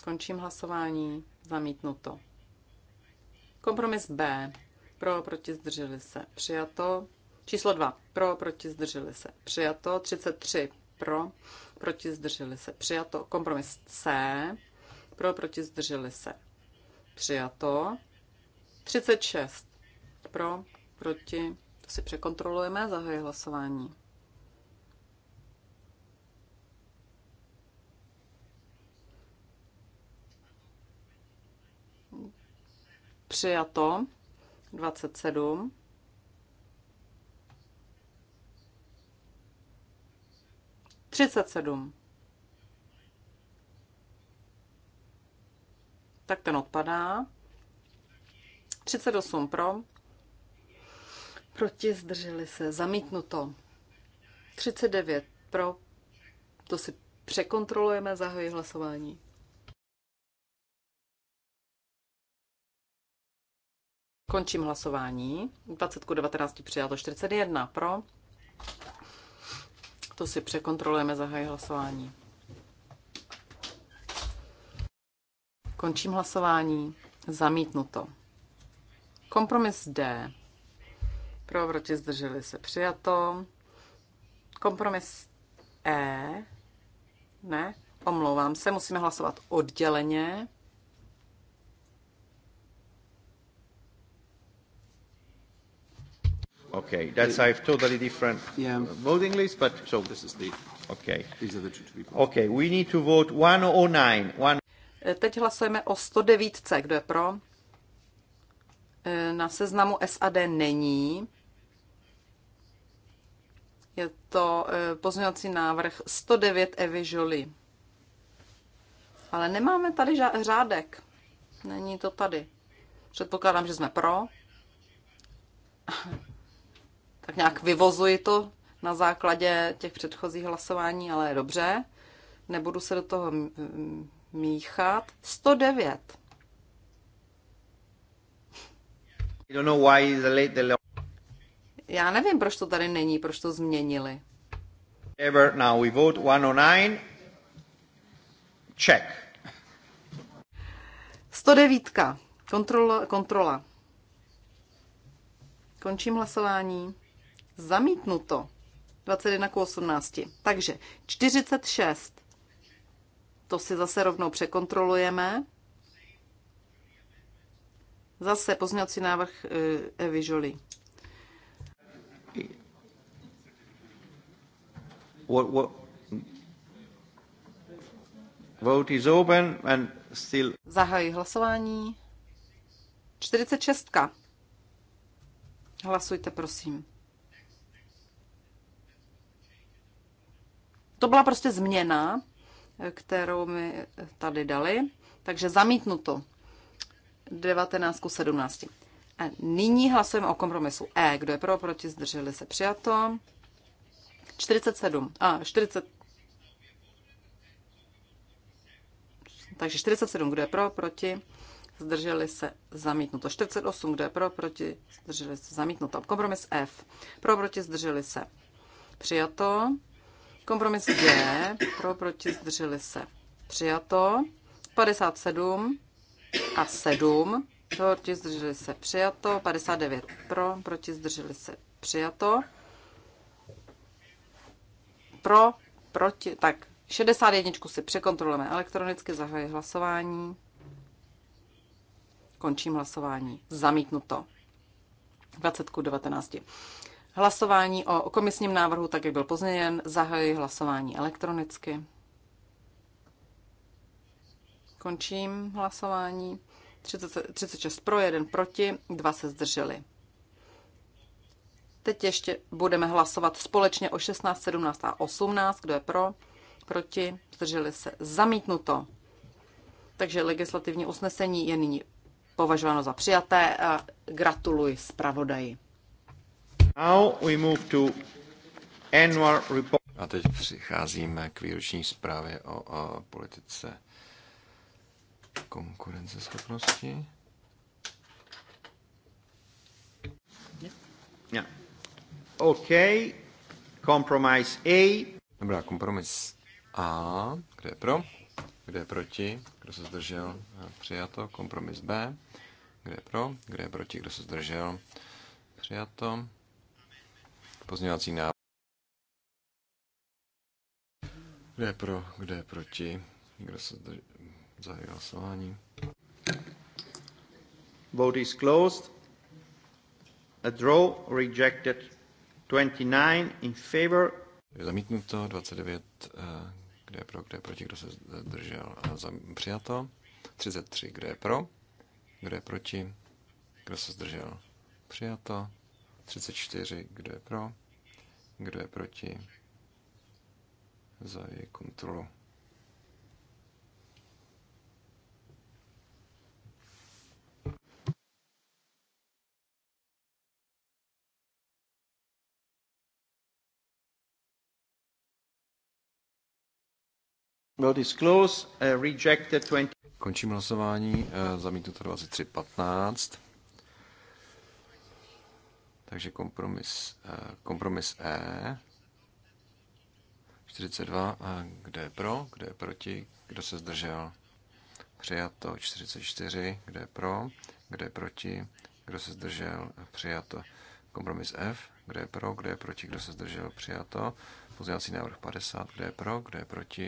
Končím hlasování, zamítnuto. Kompromis B. Pro, proti, zdrželi se. Přijato. Číslo 2 pro, proti zdrželi se přijato, 33 pro, proti zdrželi se přijato, kompromis C, pro, proti zdrželi se přijato, 36 pro, proti, to si překontrolujeme, zahajuji hlasování. Přijato 27 37. Tak ten odpadá. 38 pro. Proti zdrželi se. Zamítnuto. 39 pro. To si překontrolujeme, zahoji hlasování. Končím hlasování. 20 19 přijalo 41 pro. To si překontrolujeme, zahají hlasování. Končím hlasování. Zamítnuto. Kompromis D. Pro, proti, zdrželi se. Přijato. Kompromis E. Ne, omlouvám se, musíme hlasovat odděleně. Okay, that's I have totally different yeah. voting list, but so this is the okay. These are the two Okay, we need to vote 109. One... Oh eh, teď hlasujeme o 109. Kdo je pro? Eh, na seznamu SAD není. Je to eh, pozměňovací návrh 109 Evy Jolie. Ale nemáme tady řádek. Není to tady. Předpokládám, že jsme pro tak nějak vyvozuji to na základě těch předchozích hlasování, ale je dobře, nebudu se do toho míchat. 109. Já nevím, proč to tady není, proč to změnili. Now we vote 109. Check. 109. Kontrola, kontrola. Končím hlasování. Zamítnuto. 21 k 18. Takže 46. To si zase rovnou překontrolujeme. Zase pozměňovací návrh uh, Evy Jolie. What, what, vote is open and still... Zahajuji hlasování. 46. Hlasujte, prosím. To byla prostě změna, kterou mi tady dali, takže zamítnuto 19 ku 17. A nyní hlasujeme o kompromisu E. Kdo je pro, proti, zdrželi se, přijato. 47. A, 40. Takže 47, kdo je pro, proti, zdrželi se, zamítnuto. 48, kdo je pro, proti, zdrželi se, zamítnuto. Kompromis F. Pro, proti, zdrželi se, přijato. Kompromis je pro, proti, zdrželi se. Přijato. 57 a 7, proti, zdrželi se. Přijato. 59 pro, proti, zdrželi se. Přijato. Pro, proti, tak 61 si překontrolujeme elektronicky, zahajuji hlasování. Končím hlasování. Zamítnuto. 20 19. Hlasování o komisním návrhu, tak jak byl pozměněn, zahajuji hlasování elektronicky. Končím hlasování. 30, 36 pro, 1 proti, 2 se zdrželi. Teď ještě budeme hlasovat společně o 16, 17 a 18. Kdo je pro? Proti? Zdrželi se? Zamítnuto. Takže legislativní usnesení je nyní považováno za přijaté a gratuluji zpravodaji. A teď přicházíme k výroční zprávě o, o politice konkurenceschopnosti. Yeah. OK. Kompromis A. Dobrá, kompromis A. Kde je pro? Kde je proti? Kdo se zdržel? Přijato. Kompromis B. Kde je pro? Kde je proti? Kdo se zdržel? Přijato. Pozměňovací návrh. Kde je pro, kde je proti? Kdo se zdržel? Zahajuji hlasování. Vote is closed. A draw rejected. 29 in favor. Je zamítnuto 29, eh, kde je pro, kde je proti, kdo se zdržel eh, a přijato. 33, kde je pro, kde je proti, kdo se zdržel přijato. 34, kdo je pro, kdo je proti, za její kontrolu. Uh, Končím hlasování, eh, zamítnuto 23.15. Takže kompromis, eh, kompromis E. 42, eh, Kdo kde je pro, kde je proti, kdo se zdržel. Přijato 44, kde je pro, kde je proti, kdo se zdržel. Přijato kompromis F, kde je pro, kde je proti, kdo se zdržel. Přijato pozdělací návrh 50, kde je pro, kde je proti,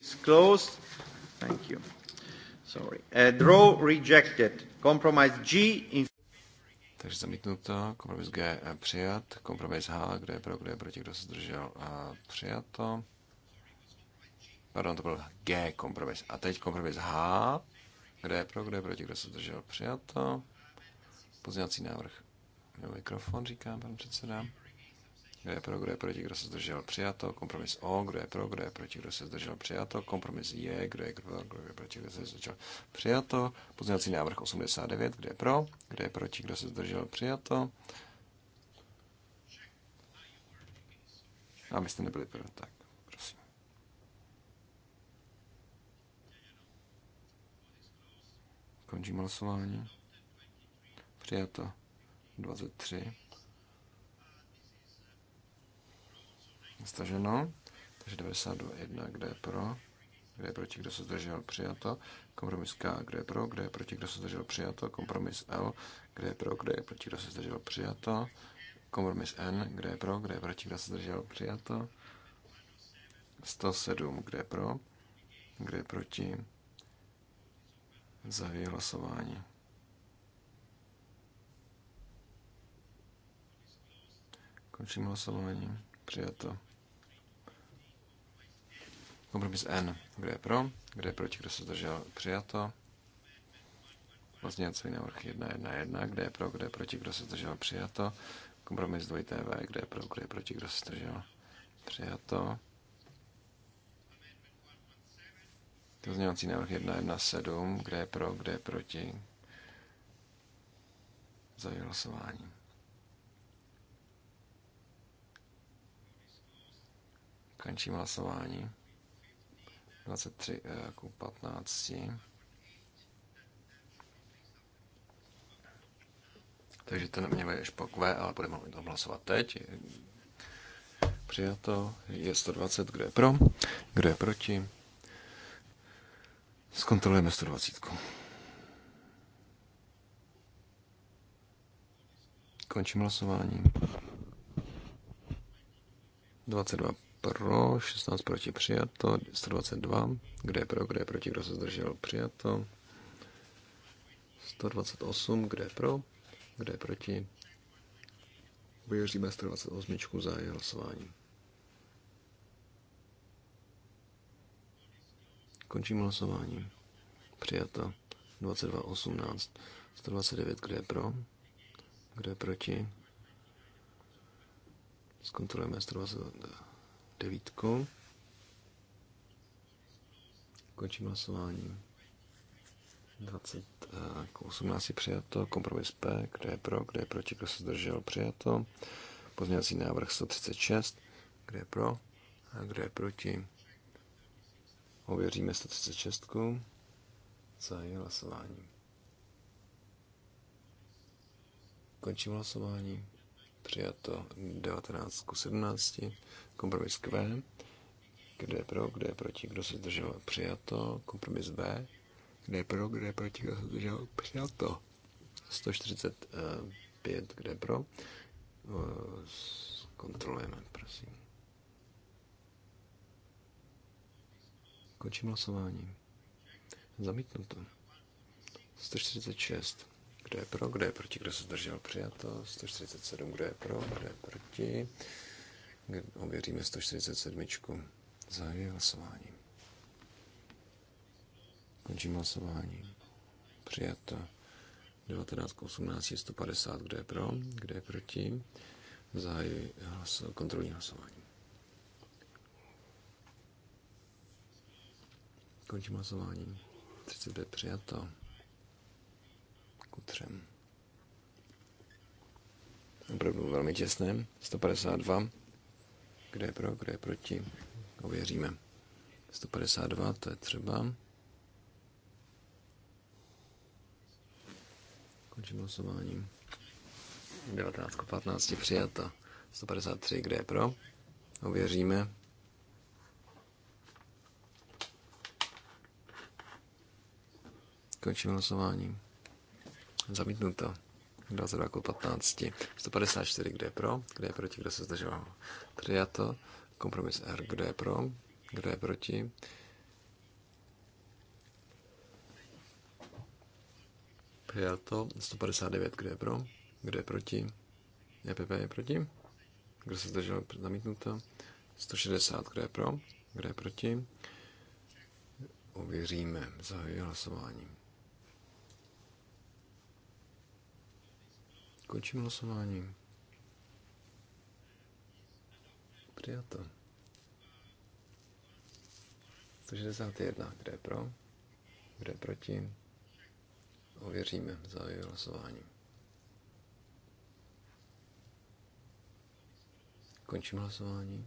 It's closed. Thank you. Sorry. Uh, draw rejected. Compromise G. In... Takže zamítnuto, kompromis G eh, přijat, kompromis H, kde je pro, kde je proti, kdo se zdržel, a přijato. Pardon, to byl G kompromis. A teď kompromis H, kde je pro, kde je proti, kdo se zdržel, přijato. Pozněvací návrh. Mikrofon, říká pan předseda. Kdo je pro, kdo je proti, kdo se zdržel přijato. Kompromis O, kdo je pro, kdo je proti, kdo se zdržel přijato. Kompromis J, kdo je pro, kdo je proti, kdo se zdržel přijato. Pozměňovací návrh 89, kdo je pro, kdo je proti, kdo se zdržel přijato. A my jste nebyli pro, tak Končím hlasování. Přijato 23. Staženo. Takže 91, kde je pro, kde je proti, kdo se zdržel, přijato. Kompromis K, kde je pro, kde je proti, kdo se zdržel, přijato. Kompromis L, kde je pro, kde je proti, kdo se zdržel, přijato. Kompromis N, kde je pro, kde je proti, kdo se zdržel, přijato. 107, kde je pro, kde je proti, zahajuji hlasování. Končím hlasování. Přijato. Kompromis N. Kdo je pro? Kdo je proti? Kdo se zdržel? Přijato. Vlastně celý návrh 1, 1, 1. Kdo je pro? Kdo je proti? Kdo se zdržel? Přijato. Kompromis 2 TV. Kdo je pro? Kdo je proti? Kdo se zdržel? Přijato. Pozměňovací návrh 1.1.7. Kdo je pro? Kdo je proti? Za hlasování. Končím hlasování. 23 eh, ku 15. Takže ten mě je Q, ale budeme o tom hlasovat teď. Přijato je 120, kdo je pro, kdo je proti. Zkontrolujeme 120. Končím hlasování. 22 pro, 16 proti přijato, 122, kde je pro, kde je proti, kdo se zdržel, přijato, 128, kde je pro, kde je proti, vyvěříme 128 za jeho hlasování. Končím hlasování. Přijato 22.18. 129, kde je pro, kde je proti. Zkontrolujeme 120 devítku. Končím hlasování. 20 eh, k 18 přijato, kompromis P, kdo je pro, kdo je proti, kdo se zdržel, přijato. Pozměňovací návrh 136, kdo je pro a kdo je proti. Ověříme 136. Co je hlasování? Končím hlasování přijato 19 k 17, kompromis Q, kde je pro, kde je proti, kdo se zdržel, přijato, kompromis B, kde je pro, kde je proti, kdo se zdržel, přijato, 145, kde je pro, kontrolujeme, prosím. Končím hlasování. Zamítnuto. 146. Kdo je pro, kdo je proti, kdo se zdržel přijato? 147, kdo je pro, kdo je proti? Ověříme 147. Zahajuji hlasování. Končím hlasování. Přijato. 19 18 150, kdo je pro, kdo je proti. Zahajuji hlas, kontrolní hlasování. Končím hlasování. 35 přijato ku třem. Opravdu velmi těsné. 152. Kde je pro, kde je proti? Ověříme. 152, to je třeba. Končím hlasování. 19 15 přijata. 153, kde je pro? Ověříme. Končím hlasování. Zamítnuto. 22 se 15. 154, kde je pro, kde je proti, kdo se zdržoval. Přijato. Kompromis R, kdo je pro, kdo je proti. Přijato. 159, kdo je pro, kdo je proti. EPP je proti. Kdo se zdržel, zamítnuto. 160, kdo je pro, kdo je proti. Ověříme. Zahajuji hlasování. Končím hlasování. Přijato. To 161. Kde je pro? Kde je proti? Ověříme. Zahajuji hlasování. Končím hlasování.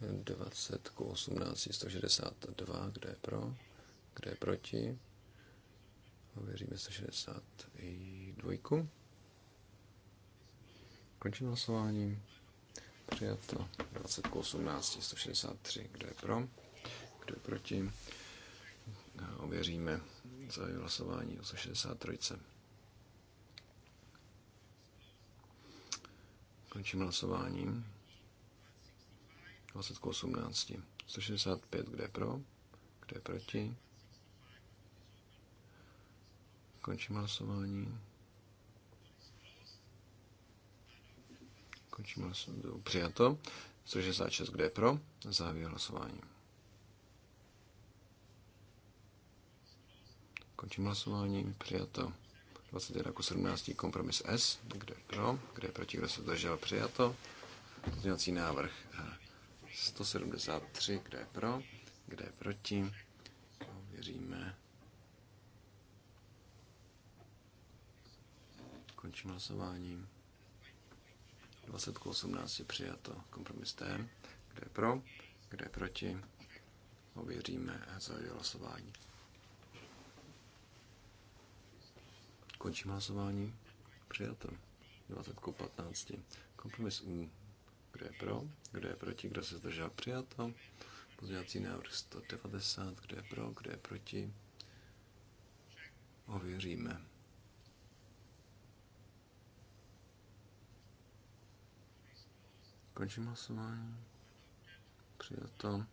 20 k 18, 162, kde je pro, kde je proti, Věříme 162. Končím hlasování. Přijato 20 k 18, 163. Kdo je pro? Kdo je proti? Ověříme za hlasování o 163. Končím hlasování. 20 k 18. 165, kde je pro, kde je proti. Končím hlasování. Končím hlasování. Přijato. 166, kde je pro? Zahajuji hlasování. Končím hlasování. Přijato. 21 jako 17. Kompromis S. Kde je pro? Kde je proti? Kdo se držel? Přijato. Pozměňovací návrh 173. Kde je pro? Kde je proti? Věříme. Končím hlasování. 20 k 18 je přijato. Kompromis T. Kdo je pro? Kdo je proti? Ověříme a za hlasování. Končím hlasování. Přijato. 20 k 15. Kompromis U. Kdo je pro? Kdo je proti? Kdo se zdržel? Přijato. Pozdělací návrh 190. Kdo je pro? Kdo je proti? Ověříme. Končím hlasování. Přijato.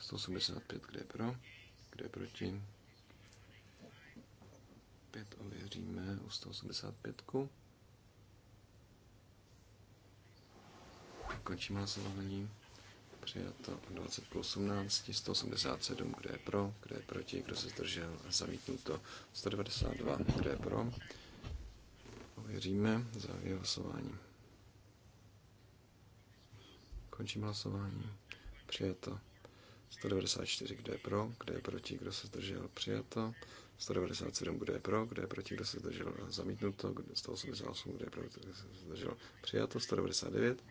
185, kde je pro, kde je proti. 5 ověříme u 185. Končím hlasování. Přijato 20 plus 18, 187, kde je pro, kde je proti, kdo se zdržel, zamítnuto 192, kde je pro. Ověříme závěr hlasování. Končím hlasování. Přijato. 194, kdo je pro, kdo je proti, kdo se zdržel, přijato. 197, kdo je pro, kdo je proti, kdo se zdržel, zamítnuto. 188, kdo je pro, kdo se zdržel, přijato. 199,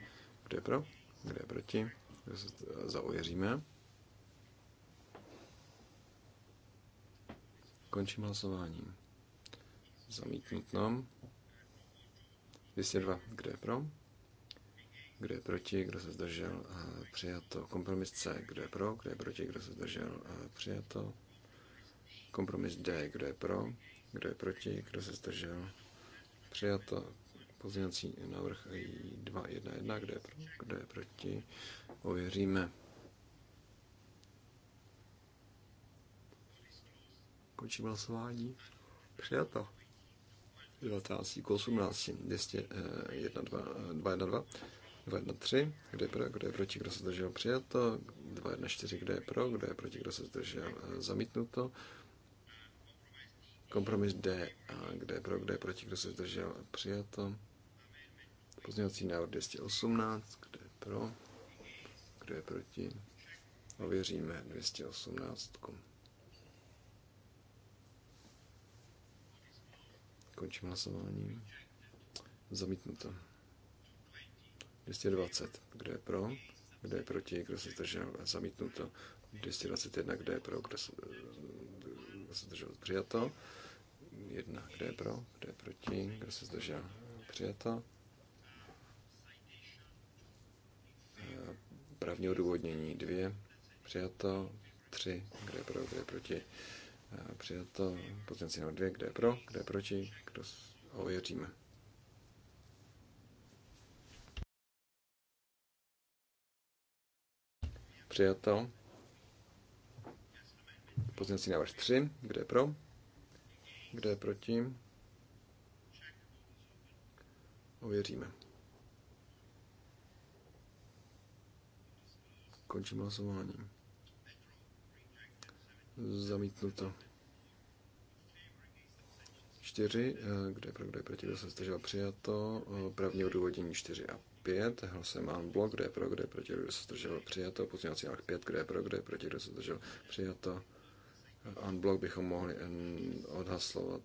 kdo je pro, kdo je proti, kdo se zaujeříme. Končím hlasování. Zamítnutno. 202, kdo je pro? kdo je proti, kdo se zdržel, přijato. Kompromis C, kdo je pro, kdo je proti, kdo se zdržel, přijato. Kompromis D, kdo je pro, kdo je proti, kdo se zdržel, přijato. Pozměňovací návrh I211, kdo je pro, kdo je proti, ověříme. Končím hlasování. Přijato. 19 k 18, 200, 1, 2, 2, 1, 2. 3, kdo je pro, kdo je proti, kdo se zdržel přijato, 4, kdo je pro, kdo je proti, kdo se zdržel eh, zamítnuto, kompromis D, a kdo je pro, kdo je proti, kdo se zdržel přijato, pozměňovací návrh 218, kdo je pro, kdo je proti, ověříme 218. Končím hlasování. Zamítnuto. 220. Kdo je pro? Kdo je proti? Kdo se zdržel? Zamítnuto. 221. Kdo je pro? Kdo se, kdo se zdržel? Přijato. 1. Kdo je pro? Kdo je proti? Kdo se zdržel? Přijato. Eh, právní odůvodnění 2. Přijato. 3. Kdo je pro? Kdo je proti? Eh, přijato. Potenciál 2. Kdo je pro? Kdo je proti? Kdo ověříme? Přijato. Pozměňovací návrh 3. Kdo je pro? Kdo je proti? Ověříme. Končím hlasování. Zamítnuto. 4. Eh, kdo je pro, kdo je proti, kdo se zdržel? Přijato. Eh, Pravní odůvodnění 4 a 5, hlasujeme en blok, kde je pro, kde je proti, kdo se zdržel, přijato. Pozměňovací návrh 5, kde je pro, kde je proti, kdo se zdržel, přijato. En Unblock bychom mohli odhlasovat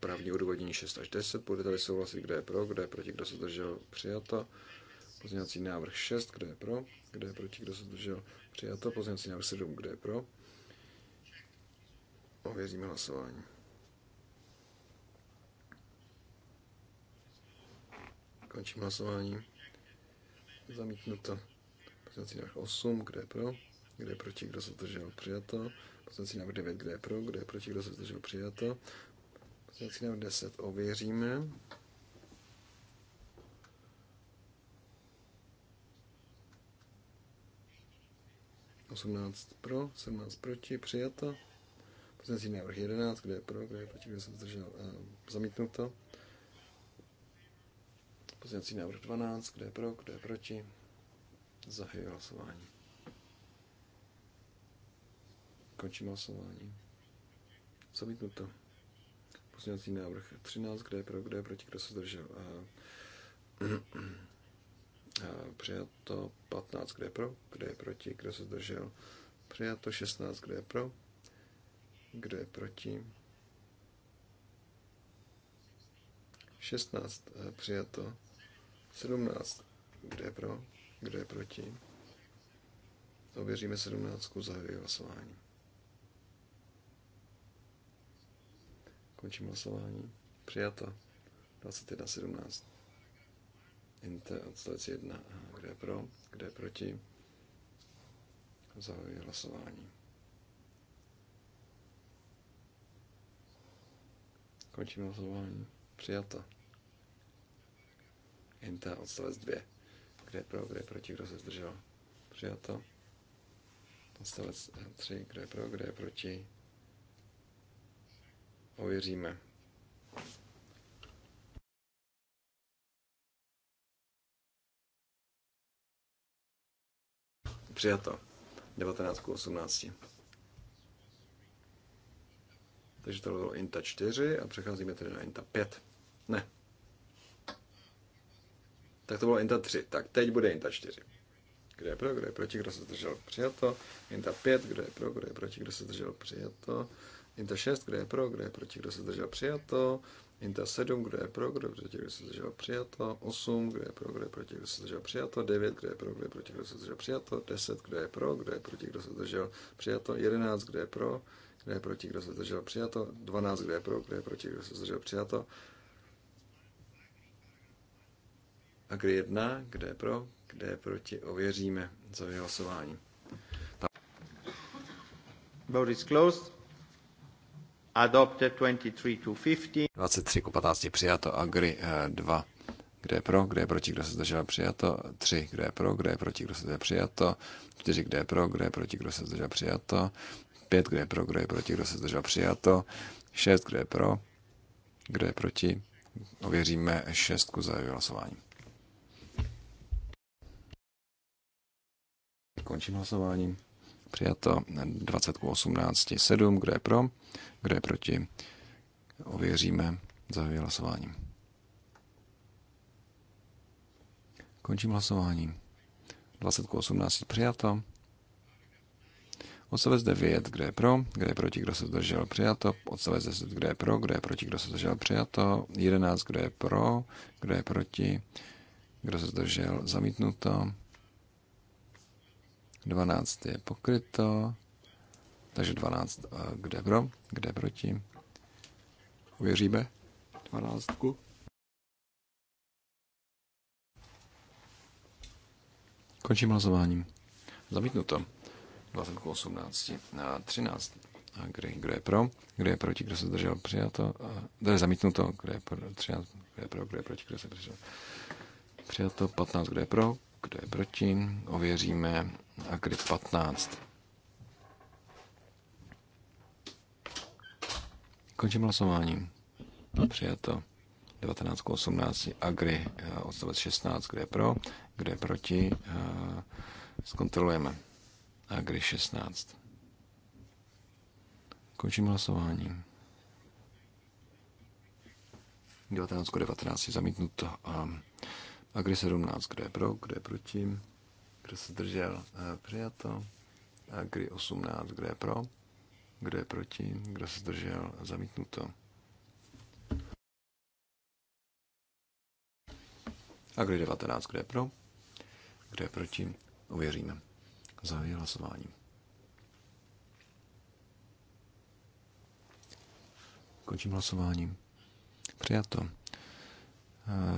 právní odůvodnění 6 až 10. Bude tady souhlasit, kde je pro, kde je proti, kdo se zdržel, přijato. Pozměňovací návrh 6, kde je pro, kde je proti, kdo se zdržel, přijato. Pozměňovací návrh 7, kde je pro. Ověříme hlasování. Končím hlasování. Zamítnuto. Poslanci návrh 8, kde je pro, kde je proti, kdo se zdržel, přijato. Poslanci návrh 9, kde je pro, kde je proti, kdo se zdržel, přijato. Poslanci návrh 10 ověříme. Osmnáct pro, 17 proti, přijato. Poslanecí návrh 11, kde je pro, kde je proti, kdo se zdržel, eh, zamítnuto. Pozměňovací návrh 12, kdo je pro, kdo je proti. Zahajuji hlasování. Končím hlasování. Zamítnuto. Pozměňovací návrh 13, kdo je pro, kdo je proti, kdo se zdržel. A, a Přijato 15, kdo je pro, kdo je proti, kdo se zdržel. Přijato 16, kdo je pro, kdo je proti. 16 e, přijato. 17. Kdo je pro? Kdo je proti? Ověříme 17. Zahajuji hlasování. Končím hlasování. 21. 21.17. Inte odstavec 1. Kdo je pro? Kdo je proti? Zahajuji hlasování. Končím hlasování. Přijato. Inta odstavec 2. Kde je pro, kde je proti, kdo se zdržel? Přijato. Odstavec 3. Kde je pro, kde je proti? Ověříme. Přijato. 19 k 18. Takže to bylo INTA 4 a přecházíme tedy na INTA 5. Ne, tak to bylo INTA 3. Tak teď bude INTA 4. Kdo je pro, kdo je proti, kdo se zdržel, přijato. INTA 5, kdo je pro, kdo je proti, kdo se zdržel, přijato. INTA 6, kdo je pro, kdo je proti, kdo se zdržel, přijato. INTA 7, kdo je pro, kdo je proti, kdo se zdržel, přijato. 8, kdo je pro, kdo je proti, kdo se zdržel, přijato. 9, kdo je pro, kdo je proti, kdo se zdržel, přijato. 10, kdo je pro, kdo je proti, kdo se zdržel, přijato. 11, kdo je pro, kdo je proti, kdo se zdržel, přijato. 12, kdo je pro, kdo je proti, kdo se zdržel, přijato. Agri 1, kde pro, kde proti, ověříme za vyhlasování. Vote is closed. Adopted 23 to 15. 23 ku 15 přijato, Agri 2. Kde je pro, kde je proti, kdo se zdržel přijato, 3, Kde je pro, kde je proti, kdo se zdržel přijato, 4, Kde je pro, kde je proti, kdo se zdržel přijato, 5, Kde je pro, kde je proti, kdo se zdržel přijato, 6, Kde je pro, kde je proti, ověříme 6 za hlasování. Končím hlasování. Přijato 20 k 18, 7. Kdo je pro? Kdo je proti? Ověříme. za hlasováním. Končím hlasování. 20 k 18 přijato. Odstavec 9, kde je pro, kde je proti, kdo se zdržel, přijato. Odstavec 10, kde je pro, kde je proti, kdo se zdržel, přijato. 11, kde je pro, kde je proti, kdo se zdržel, zamítnuto. 12 je pokryto, takže 12, eh, kde pro, kde proti. Uvěříme 12. Končím hlasováním. Zamítnuto. 20 k 18. A 13. A kdo, kdo je pro? Kdo je proti? Kdo se zdržel? Přijato. A, kdo je zamítnuto? Kdo je pro? 13. Kdo je pro? Kdo je proti? Kdo se zdržel? Přijato. 15. Kdo je pro? Kdo je proti? Ověříme Agri 15. Končím hlasováním. Přijato. 19 k 18 Agri eh, odstavec 16. Kdo je pro? Kdo je proti? Eh, zkontrolujeme. Agri 16. Končím hlasováním. 19 k 19 zamítnuto. Ehm, a kdy 17, kdo je pro, kdo je proti, kdo se zdržel, eh, přijato. A kdy 18, kdo je pro, kdo je proti, kdo se zdržel, zamítnuto. A kdy 19, kdo je pro, kdo je proti, uvěříme. Zahajuji hlasování. Končím hlasování. Přijato.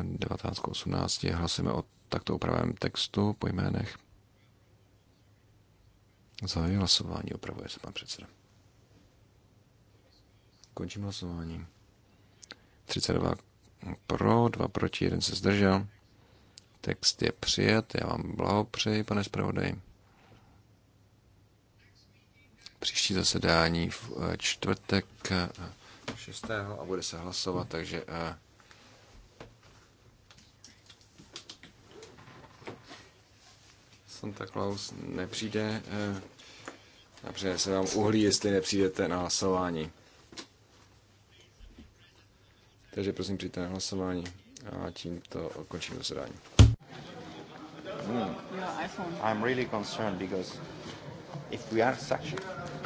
19.18. Hlasujeme o takto upraveném textu po jménech. Zahajuji hlasování, upravuje se pan předseda. Končím hlasování. 32 pro, 2 proti, 1 se zdržel. Text je přijat, já vám blahopřeji, pane zpravodaj. Příští zasedání v eh, čtvrtek 6. Eh, a bude se hlasovat, takže eh, Santa Claus nepřijde eh, a se vám uhlí, jestli nepřijdete na hlasování. Takže prosím, přijďte na hlasování a tímto končím zasedání. Hmm. Yeah, I'm really concerned because if we are such